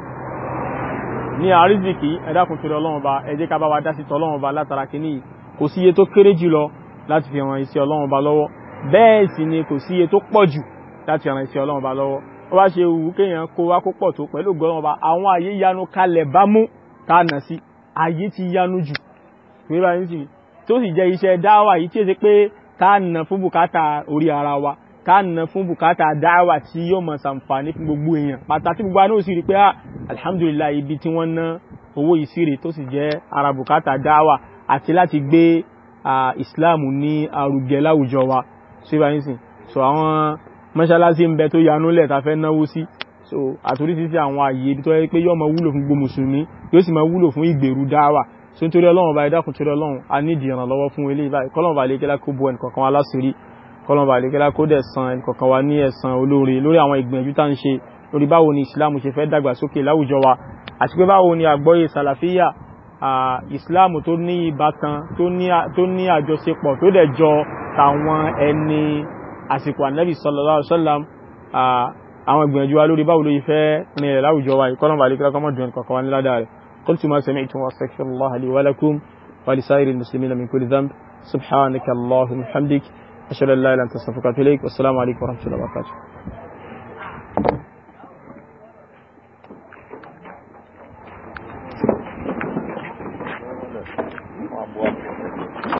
ní àrízìkí ẹ dákun torí ọlọ́run ọba ẹ jẹ́ ká bá wa dá sí tọ́lọ́run ọba látara kínní kò sí iye tó kéré jù lọ láti fi ran iṣẹ́ ọlọ́run ọba lọ́wọ́ bẹ́ẹ̀ sì ni kò sí iye tó pọ̀ jù láti ran iṣẹ́ ọlọ́run ọba lọ́wọ́ wọ́n bá ṣe wù kéèyàn kó wá kó pọ̀ tó pẹ̀lú ògbọ́n ọba àwọn àyè yanu kalẹ̀ bámú tánà sí ayé ti yánu jù tó sì jẹ́ iṣẹ́ dáwà yìí tí ó ṣe pé ká nà fún bùkátà orí ara wa ká nà fún bùkátà dáwà tí yóò mọ̀ sàǹfààní fún gbogbo èèyàn pàtàkì gbogbo anáà sì rí pé ah, alhamdulillah ibi tí wọ́n ná owó ìsírí tó sì jẹ́ ara bùkátà dáwà àti láti gbé islam ní arugẹ láwùjọ wa síbà nísìn so àwọn mọ́ṣáláṣí ń bẹ tó yanú lẹ̀ tá fẹ́ náwó sí so àtúrísí sí àwọn àyè ibi tó yẹ pé yóò wúlò fún gbogbo mùsùlùmí yóò sì máa wúlò fún ìgbèrú dáwà tó nítorí ọlọ́run bá ìdákùn torí ọlọ́run a ní ìdìràn lọ́wọ́ fún ilé ìbáyìí kọ́lọ́n bá lékelá kó bo ẹnìkọ̀kan wa láṣìírí kọ́lọ́n bá lékelá kó dẹ̀ san ẹnìkọ̀kan wa ní ẹ̀san olóore lórí àwọn ìgbìyànjú tá ń ṣe lórí báwo ni ìsìláàmù ṣe fẹ́ dàgbàsókè láwùjọ wa àti pé báwo ni àgbọ́yé sàlàfíyà ìsìláàmù tó ní ìbátan tó ní àjọṣepọ̀ tó dẹ̀ jọ tàwọn ẹni àsìkò ànábì sallallahu alaihi wasallam àwọn ìgbìyànjú wa lórí báwo ló yẹ fẹ́ rìnrìn láwùjọ wa ìkọ́lọ́n bá lékelá kọ́mọ̀dún ẹnìkọ̀kan wa ní ládàá rẹ̀ قلت ما سمعتم واستغفر الله لي ولكم ولسائر المسلمين من كل ذنب سبحانك اللهم وبحمدك اشهد ان لا اله الا انت استغفرك واتوب اليك والسلام عليكم ورحمه الله وبركاته